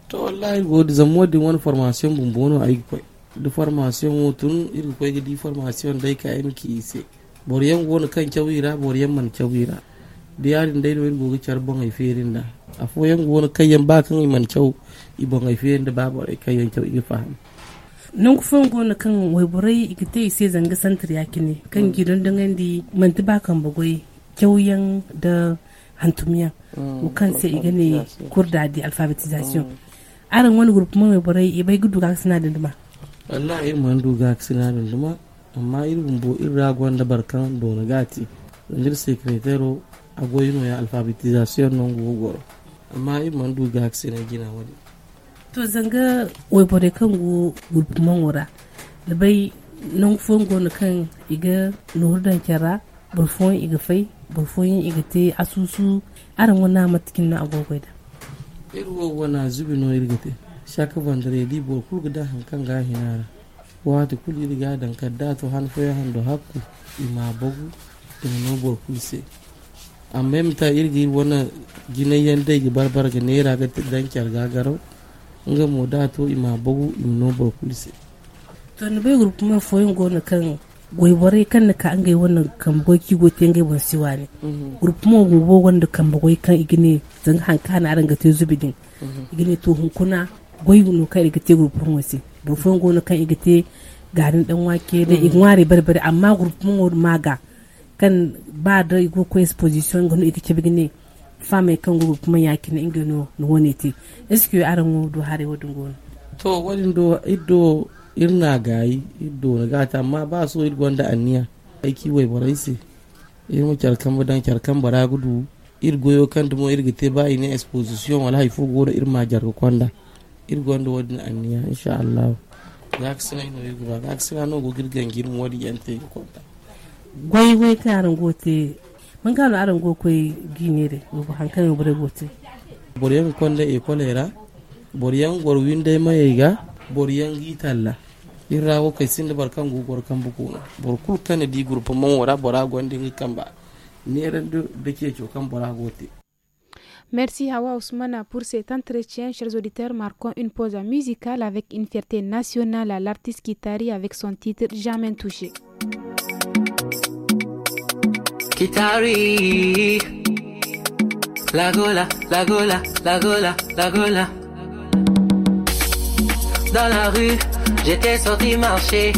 to wallahi godi zammo din wani formation bun bono ayi ko da formation wotun irin ko ga formation dai ka ki ise boriyan wona kan kyawira boriyan man kyawira da yarin dai wani gogi char bon ai ferin da afo yan wona kayan ba kan man kyau ibon ai ferin da babu ai kayan kyau ifa fahimta non kufan gona kan waiburai igite ise zanga santar ne kan mm. gidan dangan di manti bakan bagoi kyauyan da hantumiyan mm. kan sai igane kurda di alfabetization mm. aran wani mai waiburai ibai gudu ga suna da duma wallahi e man duga suna da duma amma irin bo irin ragon da barkan dona gati zanjir sekretero agoyino ya alfabetization nan gogoro amma irin e man duga suna gina wani to zanga waibore kan go gulpuman wura bai nan fon go kan iga nuhurdan kyara burfon iga fai burfon iga te asusu aran wana matakin na agogoi da irwo wana zubi no irgite shaka bandare di bor da hankan ga hinara wata kul irga dan kadda to han foya han do hakku ima bogu da no bor kulse amma mta irgi wana ginayen dai barbar ga nera ga dan kyar gagarau nga mo da to ima bugu im no bor kulise to ne bai gurku ma foyin gona kan goibore kan na ka an gai wannan kan boki gote ngai ban siwa ne mhm. gurku ma gobo wanda kan bagoi kan igine zan hanka na ranga te zubidin mhm. igine to hunkuna goi no kan igite gurku wasi do foyin gona kan igite garin dan wake da mhm. igware barbare amma gurku ma maga kan ba da go ko exposition gano igite bigine kan kango kuma na ingano no te est ce que arango do hare wodun gona to wadin do ido irna gayi ido na gata amma ba so ir gonda anniya aiki wai baraisi mu kyarkan badan kyarkan bara gudu ir goyo kan dumo ir gite ba ina exposition wala haifo goro ir ma jar gwanda ir gonda wadin anniya insha Allah za ka sina ino yugo ba za ka sina no go girgan girmu wadi yante kwanda gwai wai karan gote mun arango aran go koy ginere go hankan bore gote boryan kolle e kolera boryan gor winde mayiga boryan gitalla irra wo sinde barkan go gor kan buku bor kul kan di groupe mon wara bora gonde ngi kamba ni do de ke cho kan bora gote Merci Hawa Ousmana pour cet entretien. Chers auditeurs, marquant une pause musicale avec une fierté nationale à l'artiste Kitari avec son titre Jamais touché. Kitari La gola, la gola, la gola, la gola Dans la rue, j'étais sorti marcher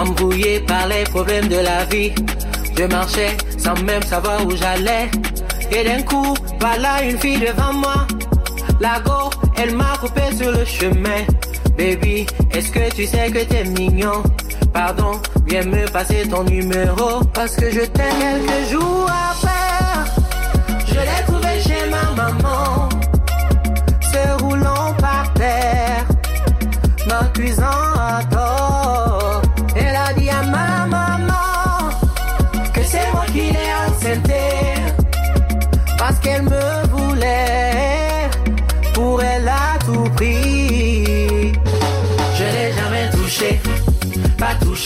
Embrouillé par les problèmes de la vie Je marchais sans même savoir où j'allais Et d'un coup, voilà une fille devant moi La go, elle m'a coupé sur le chemin Baby, est-ce que tu sais que t'es mignon Pardon, viens me passer ton numéro Parce que je t'aime quelques jours faire. Je l'ai trouvé chez ma maman Se roulant par terre M'accusant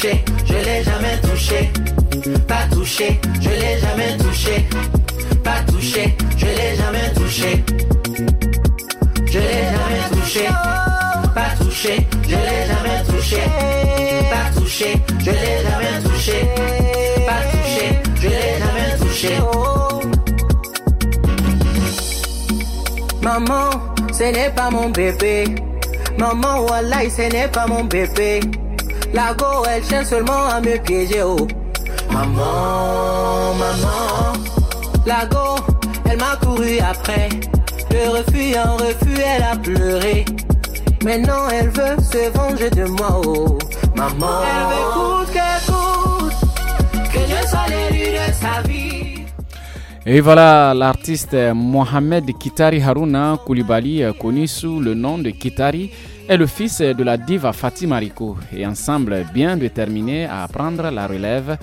je l'ai jamais touché. Pas touché, je l'ai jamais touché. Pas touché, je l'ai jamais touché. Je l'ai jamais touché. Pas touché, je l'ai jamais touché. Pas touché, je l'ai jamais touché. Pas touché, je l'ai jamais touché. Maman, ce n'est pas mon bébé. Maman, voilà, ce n'est pas mon bébé. La go, elle tient seulement à me piéger, oh. Maman, maman. La go, elle m'a couru après. De refus en refus, elle a pleuré. Maintenant, elle veut se venger de moi, oh. Maman. Elle veut coûte que coûte, que je sois l'élu de sa vie. Et voilà l'artiste Mohamed Kitari Haruna Koulibaly, euh, connu sous le nom de Kitari est le fils de la diva Fatima Rico et ensemble bien déterminé à prendre la relève.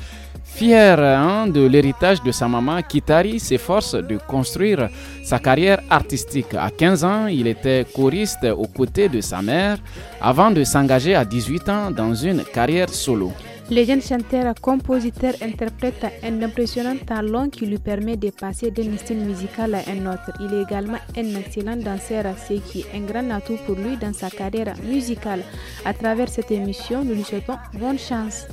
Fier hein, de l'héritage de sa maman, Kitari s'efforce de construire sa carrière artistique. À 15 ans, il était choriste aux côtés de sa mère avant de s'engager à 18 ans dans une carrière solo. Le jeune chanteur, compositeur, interprète un impressionnant talent qui lui permet de passer d'un style musical à un autre. Il est également un excellent danseur, ce qui est un grand atout pour lui dans sa carrière musicale. À travers cette émission, nous lui souhaitons bonne chance.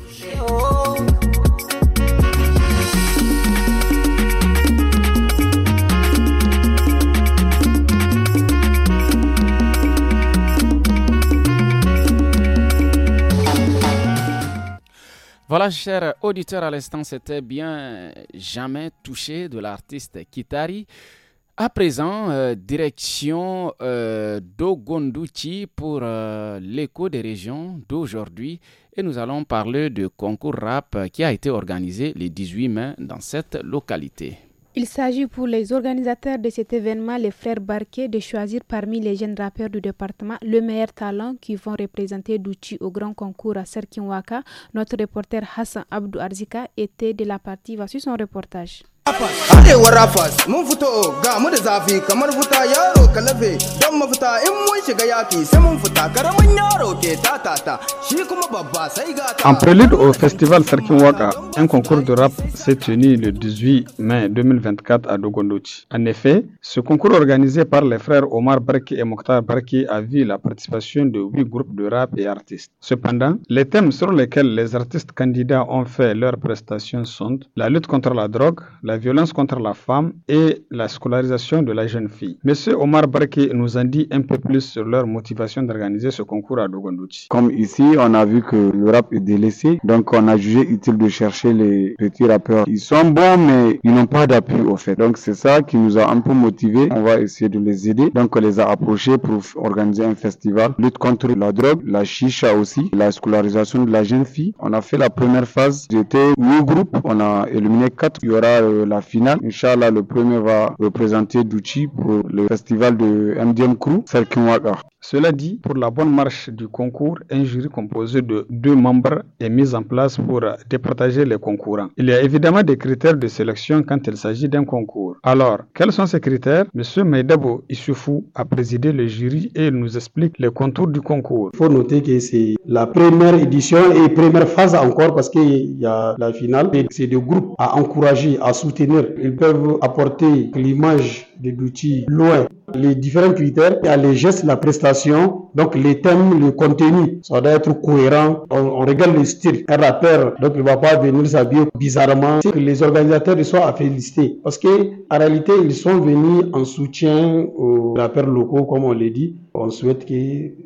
Voilà, chers auditeurs, à l'instant, c'était bien Jamais touché de l'artiste Kitari. À présent, euh, direction euh, d'Ogonduchi pour euh, l'écho des régions d'aujourd'hui. Et nous allons parler du concours rap qui a été organisé le 18 mai dans cette localité. Il s'agit pour les organisateurs de cet événement, les frères Barquet, de choisir parmi les jeunes rappeurs du département le meilleur talent qui vont représenter Douchi au grand concours à Serkinwaka. Notre reporter Hassan Abdou Arzika était de la partie. Voici son reportage. En prélude au festival Sarkin Waka, un concours de rap s'est tenu le 18 mai 2024 à Dogondouchi. En effet, ce concours organisé par les frères Omar Barki et Mokhtar Barki a vu la participation de huit groupes de rap et artistes. Cependant, les thèmes sur lesquels les artistes candidats ont fait leurs prestations sont la lutte contre la drogue, la violence contre la femme et la scolarisation de la jeune fille. Monsieur Omar Barke nous en dit un peu plus sur leur motivation d'organiser ce concours à Dogondouchi. Comme ici, on a vu que le rap est délaissé, donc on a jugé utile de chercher les petits rappeurs. Ils sont bons, mais ils n'ont pas d'appui au fait. Donc c'est ça qui nous a un peu motivés. On va essayer de les aider. Donc on les a approchés pour organiser un festival, lutte contre la drogue, la chicha aussi, la scolarisation de la jeune fille. On a fait la première phase. J'étais huit groupes. On a éliminé quatre. Il y aura euh, la finale. Inch'Allah, le premier va représenter Douchi pour le festival de MDM Crew, Serkinwaka. Cela dit, pour la bonne marche du concours, un jury composé de deux membres est mis en place pour départager les concurrents. Il y a évidemment des critères de sélection quand il s'agit d'un concours. Alors, quels sont ces critères Monsieur Maïdabo Issoufou a présidé le jury et il nous explique les contours du concours. Il faut noter que c'est la première édition et première phase encore parce qu'il y a la finale. et C'est des groupes à encourager, à soutenir ils peuvent apporter l'image de l'outil loin. Les différents critères, il y a les gestes, la prestation, donc les thèmes, le contenu, ça doit être cohérent. On, regarde le style. Un rappeur, donc ne va pas venir s'habiller bizarrement. les organisateurs soient à féliciter parce que en réalité, ils sont venus en soutien aux rappeurs locaux, comme on l'a dit. On souhaite que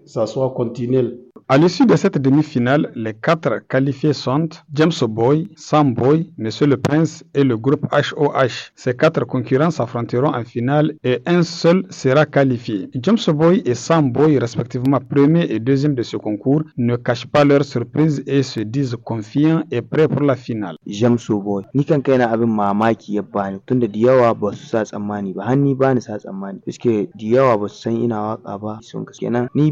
ça soit continuel. À l'issue de cette demi-finale, les quatre qualifiés sont James Boy, Sam Boy, Monsieur le Prince et le groupe HOH. Ces quatre concurrents s'affronteront en finale et un seul sera qualifié. James Boy et Sam Boy, respectivement premier et deuxième de ce concours, ne cachent pas leur surprise et se disent confiants et prêts pour la finale. James Boy, ni kan kaina abin mamaki ya bani tunda da yawa ba su sa tsammani ba har ni bani sa tsammani puisque da yawa ba su san ina waka ni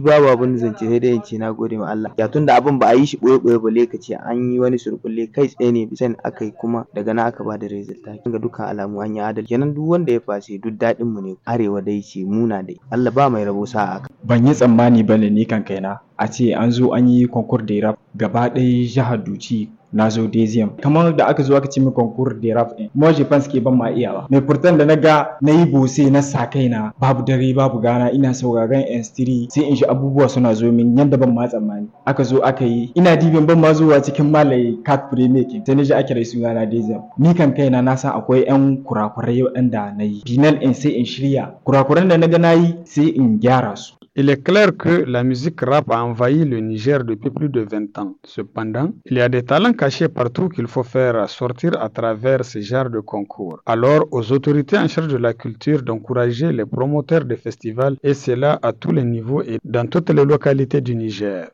gode ma Allah ya tunda abin ba a yi shi boye boye ba le kace an yi wani surkulle kai tsaye ne bisan aka yi kuma daga na aka ba da result kin ga dukkan alamu an yi adalci kenan duk wanda ya face duk dadin mu ne arewa dai ce muna dai Allah ba mai rabo sa'a ban yi tsammani bane ni kan kaina a ce an zo an yi konkur da gaba ɗaya jihar Duci na zo dezem kamar da aka zo aka ci min concours de rap din moi je pense que ban ma iya ba. mai furtan da na ga na yi bose na sa kaina babu dare babu gana ina sauraron 3 sai in shi abubuwa suna zo min yanda ban ma tsammani aka zo aka yi ina dibin ban ma zuwa cikin malaye cat premiere sai na ji ake raisu gana na ni kan kaina na san akwai yan kurakurai waɗanda na yi Binan in sai in shirya kurakuran da na ga na yi sai in gyara su Il est clair que la musique rap a envahi le Niger depuis plus de 20 ans. Cependant, il y a des talents cachés partout qu'il faut faire sortir à travers ces genres de concours. Alors, aux autorités en charge de la culture d'encourager les promoteurs des festivals et cela à tous les niveaux et dans toutes les localités du Niger.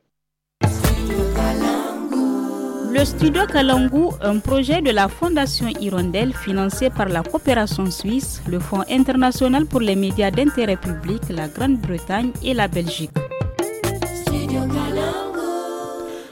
Le studio Kalangu, un projet de la Fondation Hirondelle financé par la coopération suisse, le Fonds international pour les médias d'intérêt public, la Grande-Bretagne et la Belgique.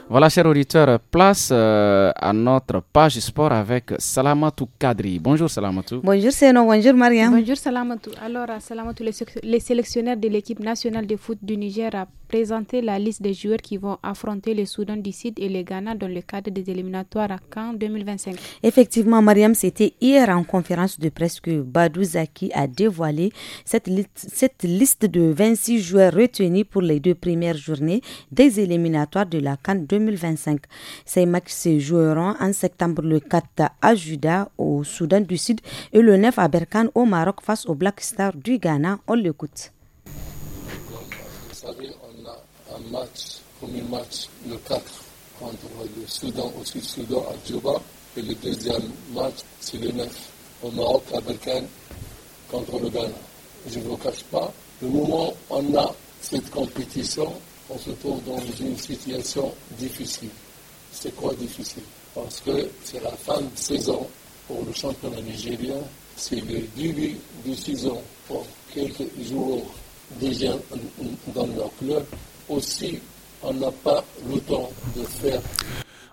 Voilà, chers auditeurs, place euh, à notre page sport avec Salamatou Kadri. Bonjour Salamatou. Bonjour Seno, bonjour Marianne. Bonjour Salamatou. Alors, euh, Salamatou, les sélectionnaires de l'équipe nationale de foot du Niger présenter la liste des joueurs qui vont affronter le Soudan du Sud et le Ghana dans le cadre des éliminatoires à Cannes 2025. Effectivement, Mariam, c'était hier en conférence de presse que Badou Zaki a dévoilé cette, liste de 26 joueurs retenus pour les deux premières journées des éliminatoires de la Cannes 2025. Ces matchs se joueront en septembre le 4 à Juda au Soudan du Sud et le 9 à Berkane au Maroc face au Black Star du Ghana. On l'écoute match, premier match, le 4 contre le Soudan, au Sud-Soudan à Djouba. Et le deuxième match, c'est le 9 au Maroc à Berkane contre le Ghana. Je ne vous cache pas, le moment où on a cette compétition, on se trouve dans une situation difficile. C'est quoi difficile Parce que c'est la fin de saison pour le championnat nigérien, c'est le début de saison pour quelques jours déjà dans leur club aussi, on n'a pas le temps de faire.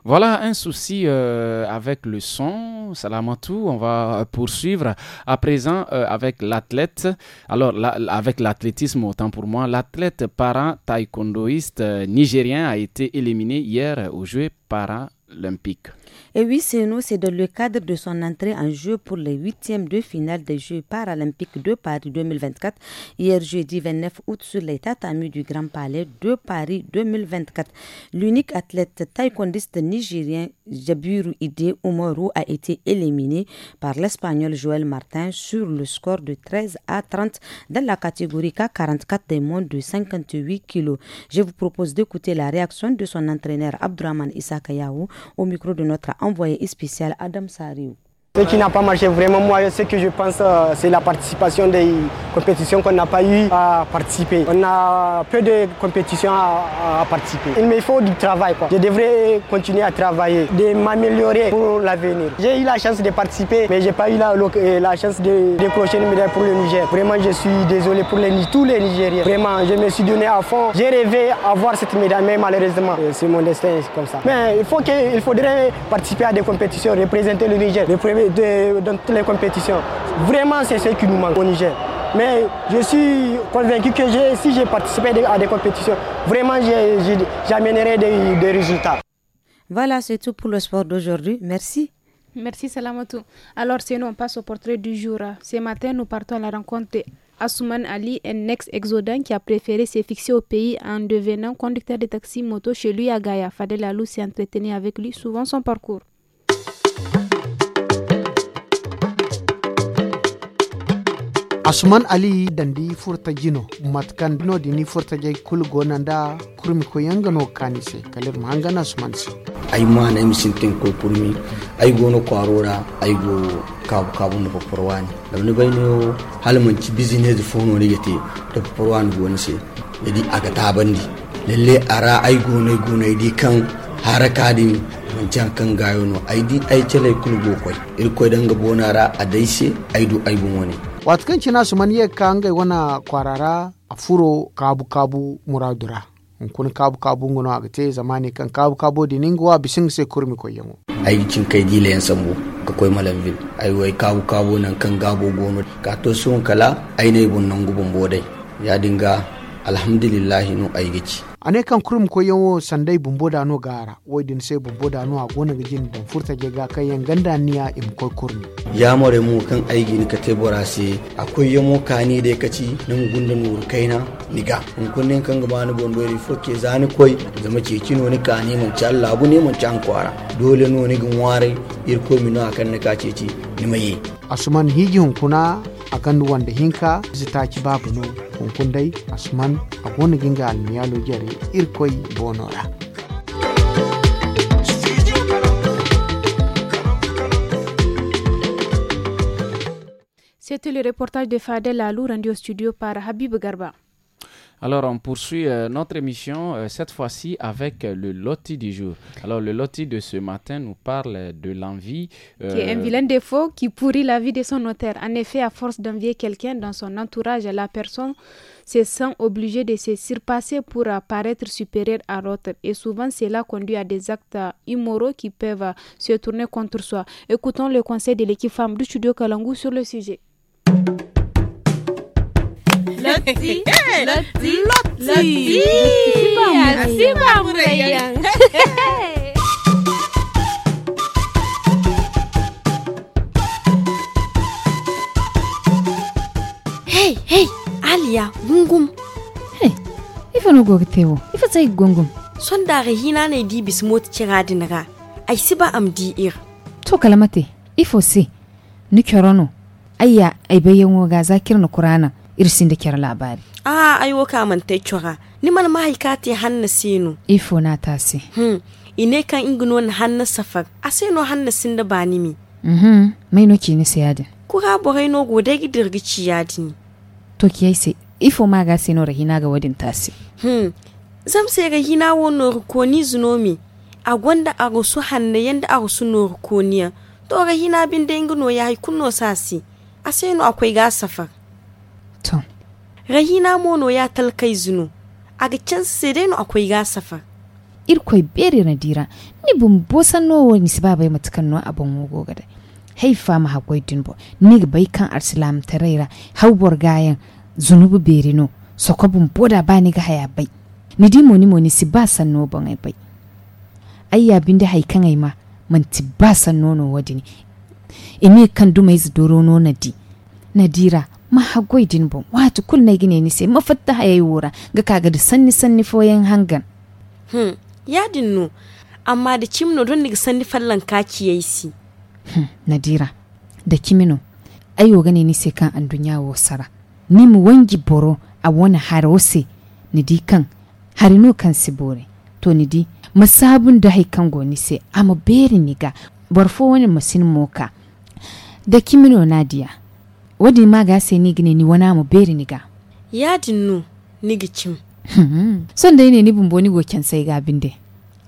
Voilà un souci euh, avec le son, Salamatou. On va poursuivre à présent euh, avec l'athlète. Alors, avec l'athlétisme, autant pour moi, l'athlète para-taekwondoïste euh, nigérien a été éliminé hier aux Jeux paralympiques. Et oui, c'est nous. c'est dans le cadre de son entrée en jeu pour les huitièmes de finale des Jeux paralympiques de Paris 2024, hier jeudi 29 août sur les tatamis du Grand Palais de Paris 2024. L'unique athlète taekwondiste nigérien Jabiru Ide Umaru a été éliminé par l'Espagnol Joël Martin sur le score de 13 à 30 dans la catégorie K44 des mondes de 58 kilos. Je vous propose d'écouter la réaction de son entraîneur Abdurrahman Issa Kayaou au micro de notre notre envoyé spécial Adam Sariou. Ce qui n'a pas marché vraiment, moi, ce que je pense, euh, c'est la participation des compétitions qu'on n'a pas eu à participer. On a peu de compétitions à, participer. Il me faut du travail. Je devrais continuer à travailler, de m'améliorer pour l'avenir. J'ai eu la chance de participer, mais je n'ai pas eu euh, la, chance de décrocher une médaille pour le Niger. Vraiment, je suis désolé pour les, tous les Nigériens. Vraiment, je me suis donné à fond. J'ai rêvé avoir cette médaille, mais malheureusement, euh, c'est mon destin comme ça. Mais il, faut faudrait participer à des compétitions, représenter le Niger. Le de, dans toutes les compétitions. Vraiment, c'est ce qui nous manque au Niger. Mais je suis convaincu que si j'ai participé à des compétitions, vraiment, j'amènerai des, résultats. Voilà, c'est tout pour le sport d'aujourd'hui. Merci. Merci Salamatou. Alors sinon, on passe au portrait du jour. Ce matin, nous partons à la rencontre d'Assouman Ali, un ex-exodant qui a préféré fixer au pays en devenant conducteur de taxi moto chez lui à Gaïa. Fadel Alou s'est entretenu avec lui, souvent son parcours. usman ali dandi furta jino matkan dino dini furta jai kul da kurmi ko yangano kanise kalir mahangana usman ai ma na imsin tin ko kurmi ai gono ko arora ai go kabu kabu no porwani ni bayno halman ci business no ne yete da porwani goni se yadi aga bandi lalle ara ai gono gono di kan haraka din wancan kan gayo no ai di ai cele go koi koi danga bonara a ai du ai bon wani watukenshi nasu ka kangai wana kwarara a furo kabu kabu muradura kun kabu kabu ngono agate zamani kan kabu kabu diningo wa bisin sai kurmi ko yango ai cin kai dile yan sambo ka koy malamville ai wai kabu kabu nan kan gabo gono ka to sun kala ai ne bon nan bodai ya dinga alhamdulillah no ai gici ane kan kurum ko yawo sandai bumbo da no gara woidin sai bumbo da no a gona jin da furta ga kai yan ganda niya im ko kurum ya more mu kan aiki ni ka tebora se akwai yamo kani da kaci nan gundan wur kaina niga in kunnen kan gaba ni bondo ri foke zani koi zama ke kino ni kani mun ci Allah abu ne mun ci an kwara dole no ni gin ware irko mino akan ni ka ceci ni maye asuman hiji kuna a gandu wanda hinka no babuno kunkundai asuman a gona ginga almiyalo jere irkoi bonora C'était le reportage de Fadel Alou rendu au studio par Habib Garba. Alors, on poursuit euh, notre émission euh, cette fois-ci avec euh, le loti du jour. Alors, le loti de ce matin nous parle de l'envie. Qui un vilain défaut qui pourrit la vie de son notaire. En effet, à force d'envier quelqu'un dans son entourage, la personne se sent obligée de se surpasser pour apparaître supérieure à l'autre. Et souvent, cela conduit à des actes immoraux qui peuvent se tourner contre soi. Écoutons le conseil de l'équipe femme du studio Kalangu sur le sujet. loti loti loti Simba Murayang Hey, hey, Alia, gungum. Hey, ifa no gogtewo. Ifa tsai gungum. Sondare hina ne di bismot ciradi naga. Ai siba am di ir. To kalamate, ifo si. Ni kyorono. Ayya, ai bayan waga zakir na Kurana. irsin da kyar labari. Ah, aiwo kaman ta cewa ni mal mahaika te hanna sinu. Ifo na ta se. Hmm, ine kan ingino na hanna safar, a sai no hanna sin da ba ni mi. Mhm, mai no ke ni sai yadin. Ku ga borai no gode gidirgi ci yadin. To ki ai sai, ifo ma ga sai no rahina ga wadin ta se. Hmm, zam sai rahina wo no rukoni zunomi. A gwanda a rusu hanna yanda a rusu no rukoniya. To rahina bin da ingino ya sa sasi. A sai no akwai ga safar. To. Rahina mono ya talkai zunu, a gicen sirenu akwai gasafa. Irkoi beri na dira, ni bun bosan nowo ni si babai matukan no abin wogo gada. Haifa ma hakwai dunbo, ni ga bai kan arsilam taraira, haubor gayan zunubu beri no, soko bun boda ba ni ga haya bai. Ni di moni moni si ba san no ban ai bai. Ayya bin da haikan ai ma, manti ba san nono wadini. Ini kan duma izi doro no na di. Nadira, ma hagoydin bon wato kulnaygineni se ma fatta hayay ga kaga da sanni sanni foyen hangan hmm yadin nu amma da kimno don niga sanni fallan kaki yayi si hmm nadira da kimino ayo gane ni se kan an dunya wo sara ni mu wangi boro a wani harose ni di kan harino kan bore to ni di masabun da go goni se ama beri ga. barfo wani masin moka da kimino nadia wodi ma ga se ni gine ni wana mo beri ga. ya dinnu ni cim hmm, hmm. son dai ne ni bumbo ni goken sai ga binde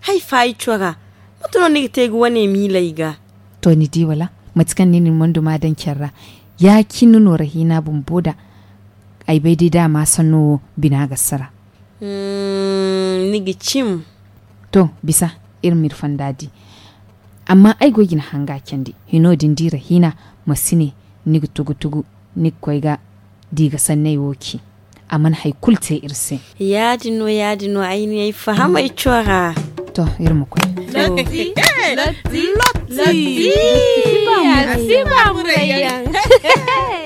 hai fai chwaga mutuno nigi tegu wane mi laiga to ni di wala matikan ne ni mondo ma dan kyarra ya kinu no rahina bumbo da ai bai da dama sanno bina gasara ni hmm, nigi cim to bisa irin mirfan dadi amma ai gogin hanga kendi hino dindira hina masine nig tugutugu nig koyga diga sannai woki aman hay kulte irse yadino yadino ay fahama mm. icora to irmu koy lati lati lati lati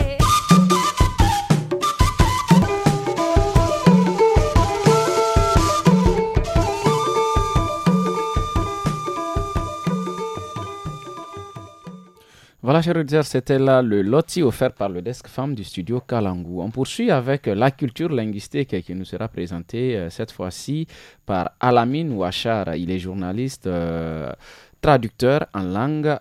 Voilà, chers auditeurs, c'était là le loti offert par le desk femme du studio Kalangu. On poursuit avec euh, la culture linguistique qui nous sera présentée euh, cette fois-ci par Alamine Ouachar. Il est journaliste, euh, traducteur en langue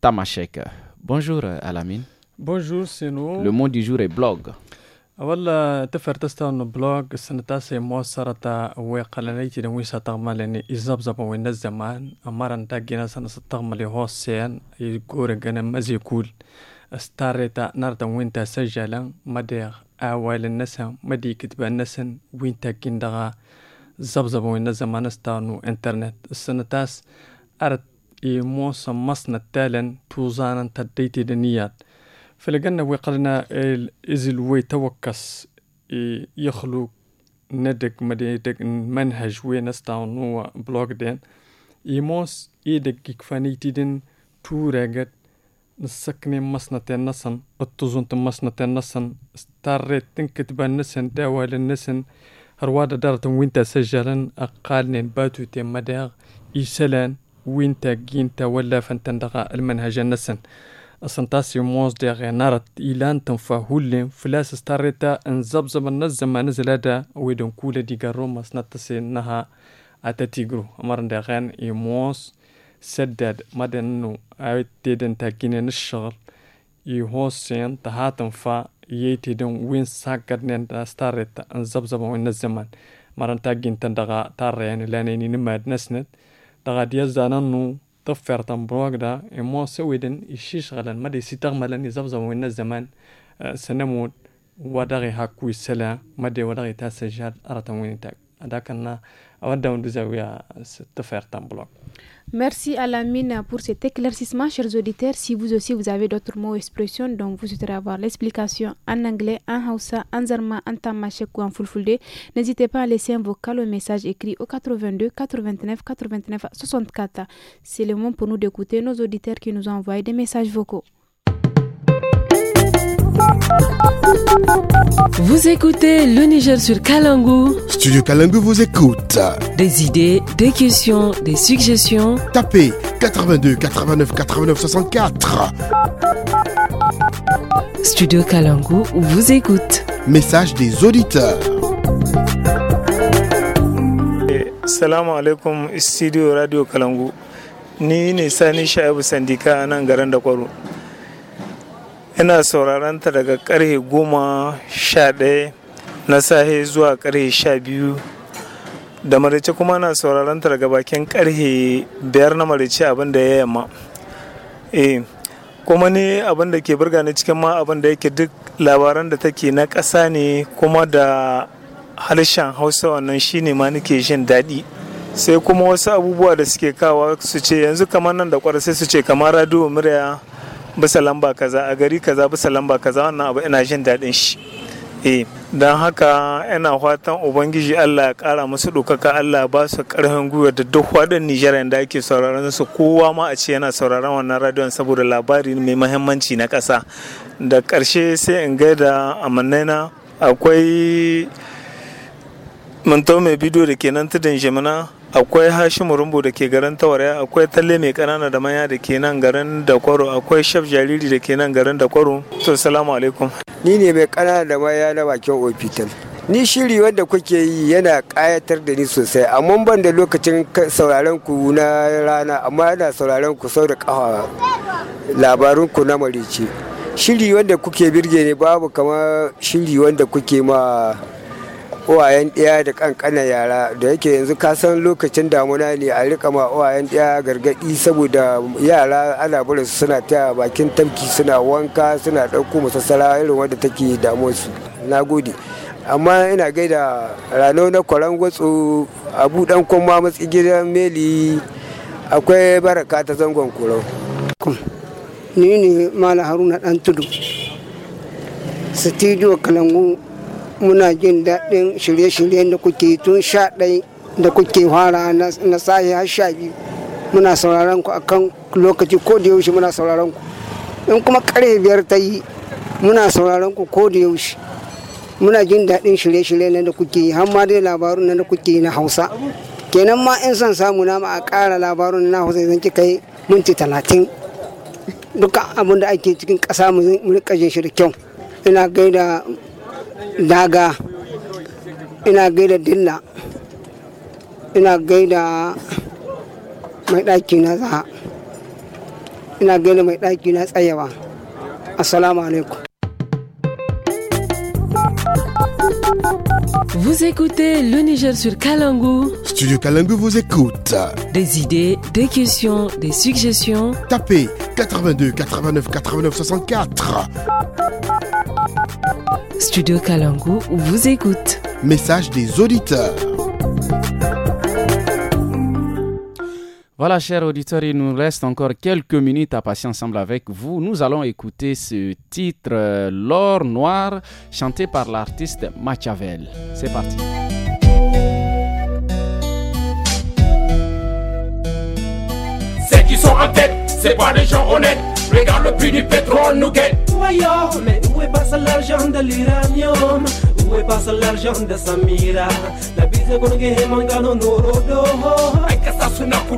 tamashek. Bonjour Alamine. Bonjour c'est nous. Le mot du jour est blog. أولا تفر تستون بلوغ السنة تاسي موسرة وقلنيتي نويسا تغمى لأني إزابزا وين الزمان أمارا نتاقي ناس أنا ستغمى لي هوسيان يقول أنا مزي كول استاريتا نارتا وين تسجل مدير أول الناس مدي كتب الناس وين تاقين دغا زبزب وين الزمان استانو انترنت السنة تاس أرد يموسى مصنع تالن توزانا تديتي دنيات فلقنا وقرنا إزل ويتوكس يخلو ندق مديدق منهج وينستاون هو بلوغ دين يموس إيدق كفاني تيدن توراقت نسكني مصنتين نصن التزن مصنتين نصن استاريت تنكتب النسن داوال النسن رواد دارت وينتا سجلن أقالن باتو تيم مداغ إيسالان وينتا جينتا ولا فانتندغا المنهج النسن asantaasi mosdeqe narat ilan tanfa hullin filas starita an zabzaba nazama nazalada wedan kula digaro masnatase naha atatigru amarndeqen i mos sadad madannu awitedan taginen shagl i hosen tahatan fa yeitedan win sagadnen starita an zabzaba nazaman maran tagin tandaga tarren laneni nimad nasnet dagad yazdanannu تفر تنبروك دا إمو سويدن إشيش غلن مدي سيتغ ملن يزبزم وينا زمان أه، سنمود ودغي هاكو السلا مدي ودغي تاسجال أرتم وينتاك تاك أدا كنا أودا وندزاويا تفر تنبروك Merci à mine pour cet éclaircissement, chers auditeurs. Si vous aussi vous avez d'autres mots ou expressions dont vous souhaiterez avoir l'explication en anglais, en hausa, en zarma, en tamashek ou en fulfulde, n'hésitez pas à laisser un vocal ou message écrit au 82 89 89 64. C'est le moment pour nous d'écouter nos auditeurs qui nous envoient des messages vocaux. Vous écoutez le Niger sur Kalangu. Studio Kalangu vous écoute. Des idées, des questions, des suggestions. Tapez 82 89 89 64. Studio Kalangu vous écoute. Message des auditeurs. Salam alaikum Studio Radio Kalangu. Ni ne Sani Shaibu nan ina sauraron ta daga karhe goma sha ɗaya na sahe zuwa karhe sha biyu da marice kuma na sauraron ta daga bakin karhe biyar na marice abin ya yamma e kuma ne abin ke burga ni cikin ma abin yake duk labaran da take na ƙasa ne kuma da harshen hausa wannan shine ma nake jin daɗi sai kuma wasu abubuwa da suke kawa su ce yanzu kamar nan da kwar sai su ce kamar radio murya bisa lamba kaza a gari kaza bisa lamba kaza wannan abu ina jin daɗin shi eh don haka ina fatan ubangiji allah ya kara musu ɗaukaka allah ba su ƙarfin gwiwa da duk waɗin nijar da ake sauraron su kowa ma a ce yana sauraron wannan radiyon saboda labari mai mahimmanci na ƙasa da karshe sai in gaida amannaina akwai mantau mai bidiyo da kenan nan tudun jimina akwai hashimu rumbu da ke garin tawaraya akwai talle mai kanana da maya da ke nan garin da kwaro akwai shaf jariri da ke nan garin da kwaro to salamu alaikum ni ne mai kanana da maya na bakin ofital ni shiri wanda kuke yi yana kayatar da ni sosai amma ban da lokacin sauraron ku na rana amma yana sauraron ku sau da kafa labarun ku na marici shiri wanda kuke birge ne babu kamar shiri wanda kuke ma uwayen ɗaya da ƙanƙanan yara da yake yanzu ka san lokacin damuna ne a rika ma uwayen ɗaya gargaɗi saboda yara ana barin su suna taya bakin tafki suna wanka suna ɗauko masassara irin wadda take damuwarsu na gode amma ina gaida rano na kwaran gwatsu abu buɗan kuma matsi gidan meli akwai baraka ta zangon kurau ni ne mala haruna ɗan tudu studio kalangu muna jin daɗin shirye-shiryen da kuke tun sha ɗai da kuke fara na sahi har sha biyu muna sauraron ku akan lokaci ko da yaushe muna sauraron ku in kuma kare biyar ta yi muna sauraron ku ko da yaushe muna jin daɗin shirye-shirye na da kuke yi har ma dai labarun na da kuke yi na hausa kenan ma in son samu nama a ƙara labarun na hausa zan kika yi minti talatin dukkan abin da ake cikin ƙasa mu rika jin shi da kyau ina gaida daga dilla Vous écoutez le Niger sur Kalangu. Studio Kalangu vous écoute. Des idées, des questions, des suggestions. Tapez 82 89 89 64. Studio Kalangu vous écoute. Message des auditeurs. Voilà, chers auditeurs, il nous reste encore quelques minutes à passer ensemble avec vous. Nous allons écouter ce titre, euh, L'or noir, chanté par l'artiste Machiavel. C'est parti. Ceux qui sont en tête, c'est pas des gens honnêtes Regarde le prix du pétrole, nous guette. Voyons, mais où est passé l'argent de l'uranium Où est passé l'argent de Samira La bise qu'on guette, mangano, norodo.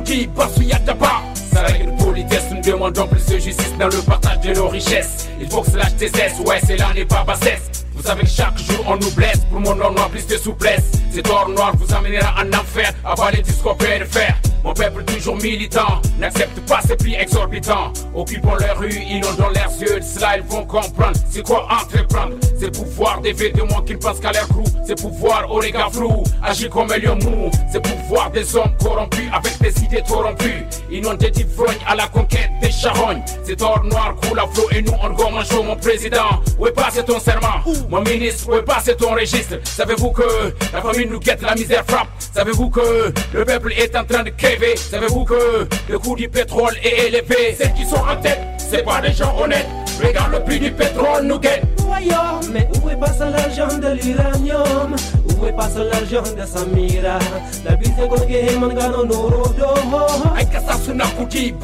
y pas part pas. Ça règle politesse, nous demandons plus de justice dans le partage de nos richesses. Il faut que cela cesse, ouais, c'est là n'est pas bassesse. Avec chaque jour on nous blesse. Pour mon or noir, plus de souplesse. Cet or noir vous amènera en enfer. À de les discours de fer. Mon peuple toujours militant, n'accepte pas ces prix exorbitants. Occupons leurs rues, inondons leurs yeux, cela ils vont comprendre. C'est quoi entreprendre C'est pouvoir des vêtements qui ne pensent qu'à leur crew. C'est pouvoir au gars flous, agir comme un lion mou. C'est pouvoir des hommes corrompus avec des idées corrompues. des d'ivrognes à la conquête des charognes. Cet or noir coule à flot et nous on gomme un jour, mon président. Où est passé ton serment mon ministre, où est passé ton registre Savez-vous que la famille nous guette, la misère frappe Savez-vous que le peuple est en train de crever Savez-vous que le coût du pétrole est élevé Celles qui sont en tête, c'est pas des gens honnêtes Regarde le prix du pétrole nous guette mais où est passé l'argent de l'uranium Où est passé l'argent de Samira La bise de Gorgé, Mangano, Norodo Aïka Sasuna Kuti, de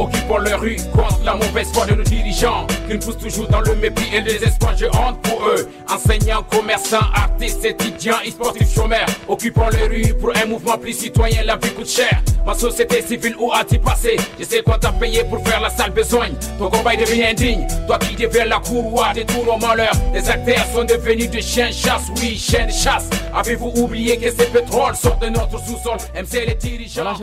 Occupons leur rue contre la mauvaise foi de nos dirigeants qui nous poussent toujours dans le mépris et le désespoir. Je honte pour eux, enseignants, commerçants, artistes, étudiants, et sportifs chômeurs, occupant les rues pour un mouvement plus citoyen. La vie coûte cher. Ma société civile, où a-t-il passé Je sais quoi t'as payé pour faire la sale besogne. Ton combat est devenu indigne. Toi qui deviens la courroie de tous nos malheurs. Les acteurs sont devenus des chiens chasse, oui, chiens de chasse. Avez-vous oublié que ces pétroles sortent de notre sous-sol MC les dirigeants.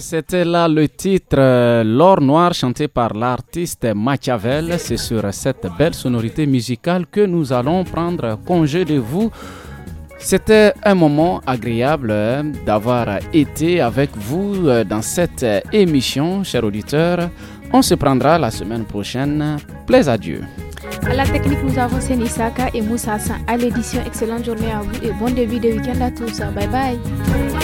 c'était là le titre. Euh, Noir chanté par l'artiste Machiavel. C'est sur cette belle sonorité musicale que nous allons prendre congé de vous. C'était un moment agréable euh, d'avoir été avec vous euh, dans cette émission, chers auditeurs. On se prendra la semaine prochaine. Plaise à Dieu. À la technique, nous avons Senisaka et Moussa À l'édition, excellente journée à vous et bon début de week-end à tous. Bye bye.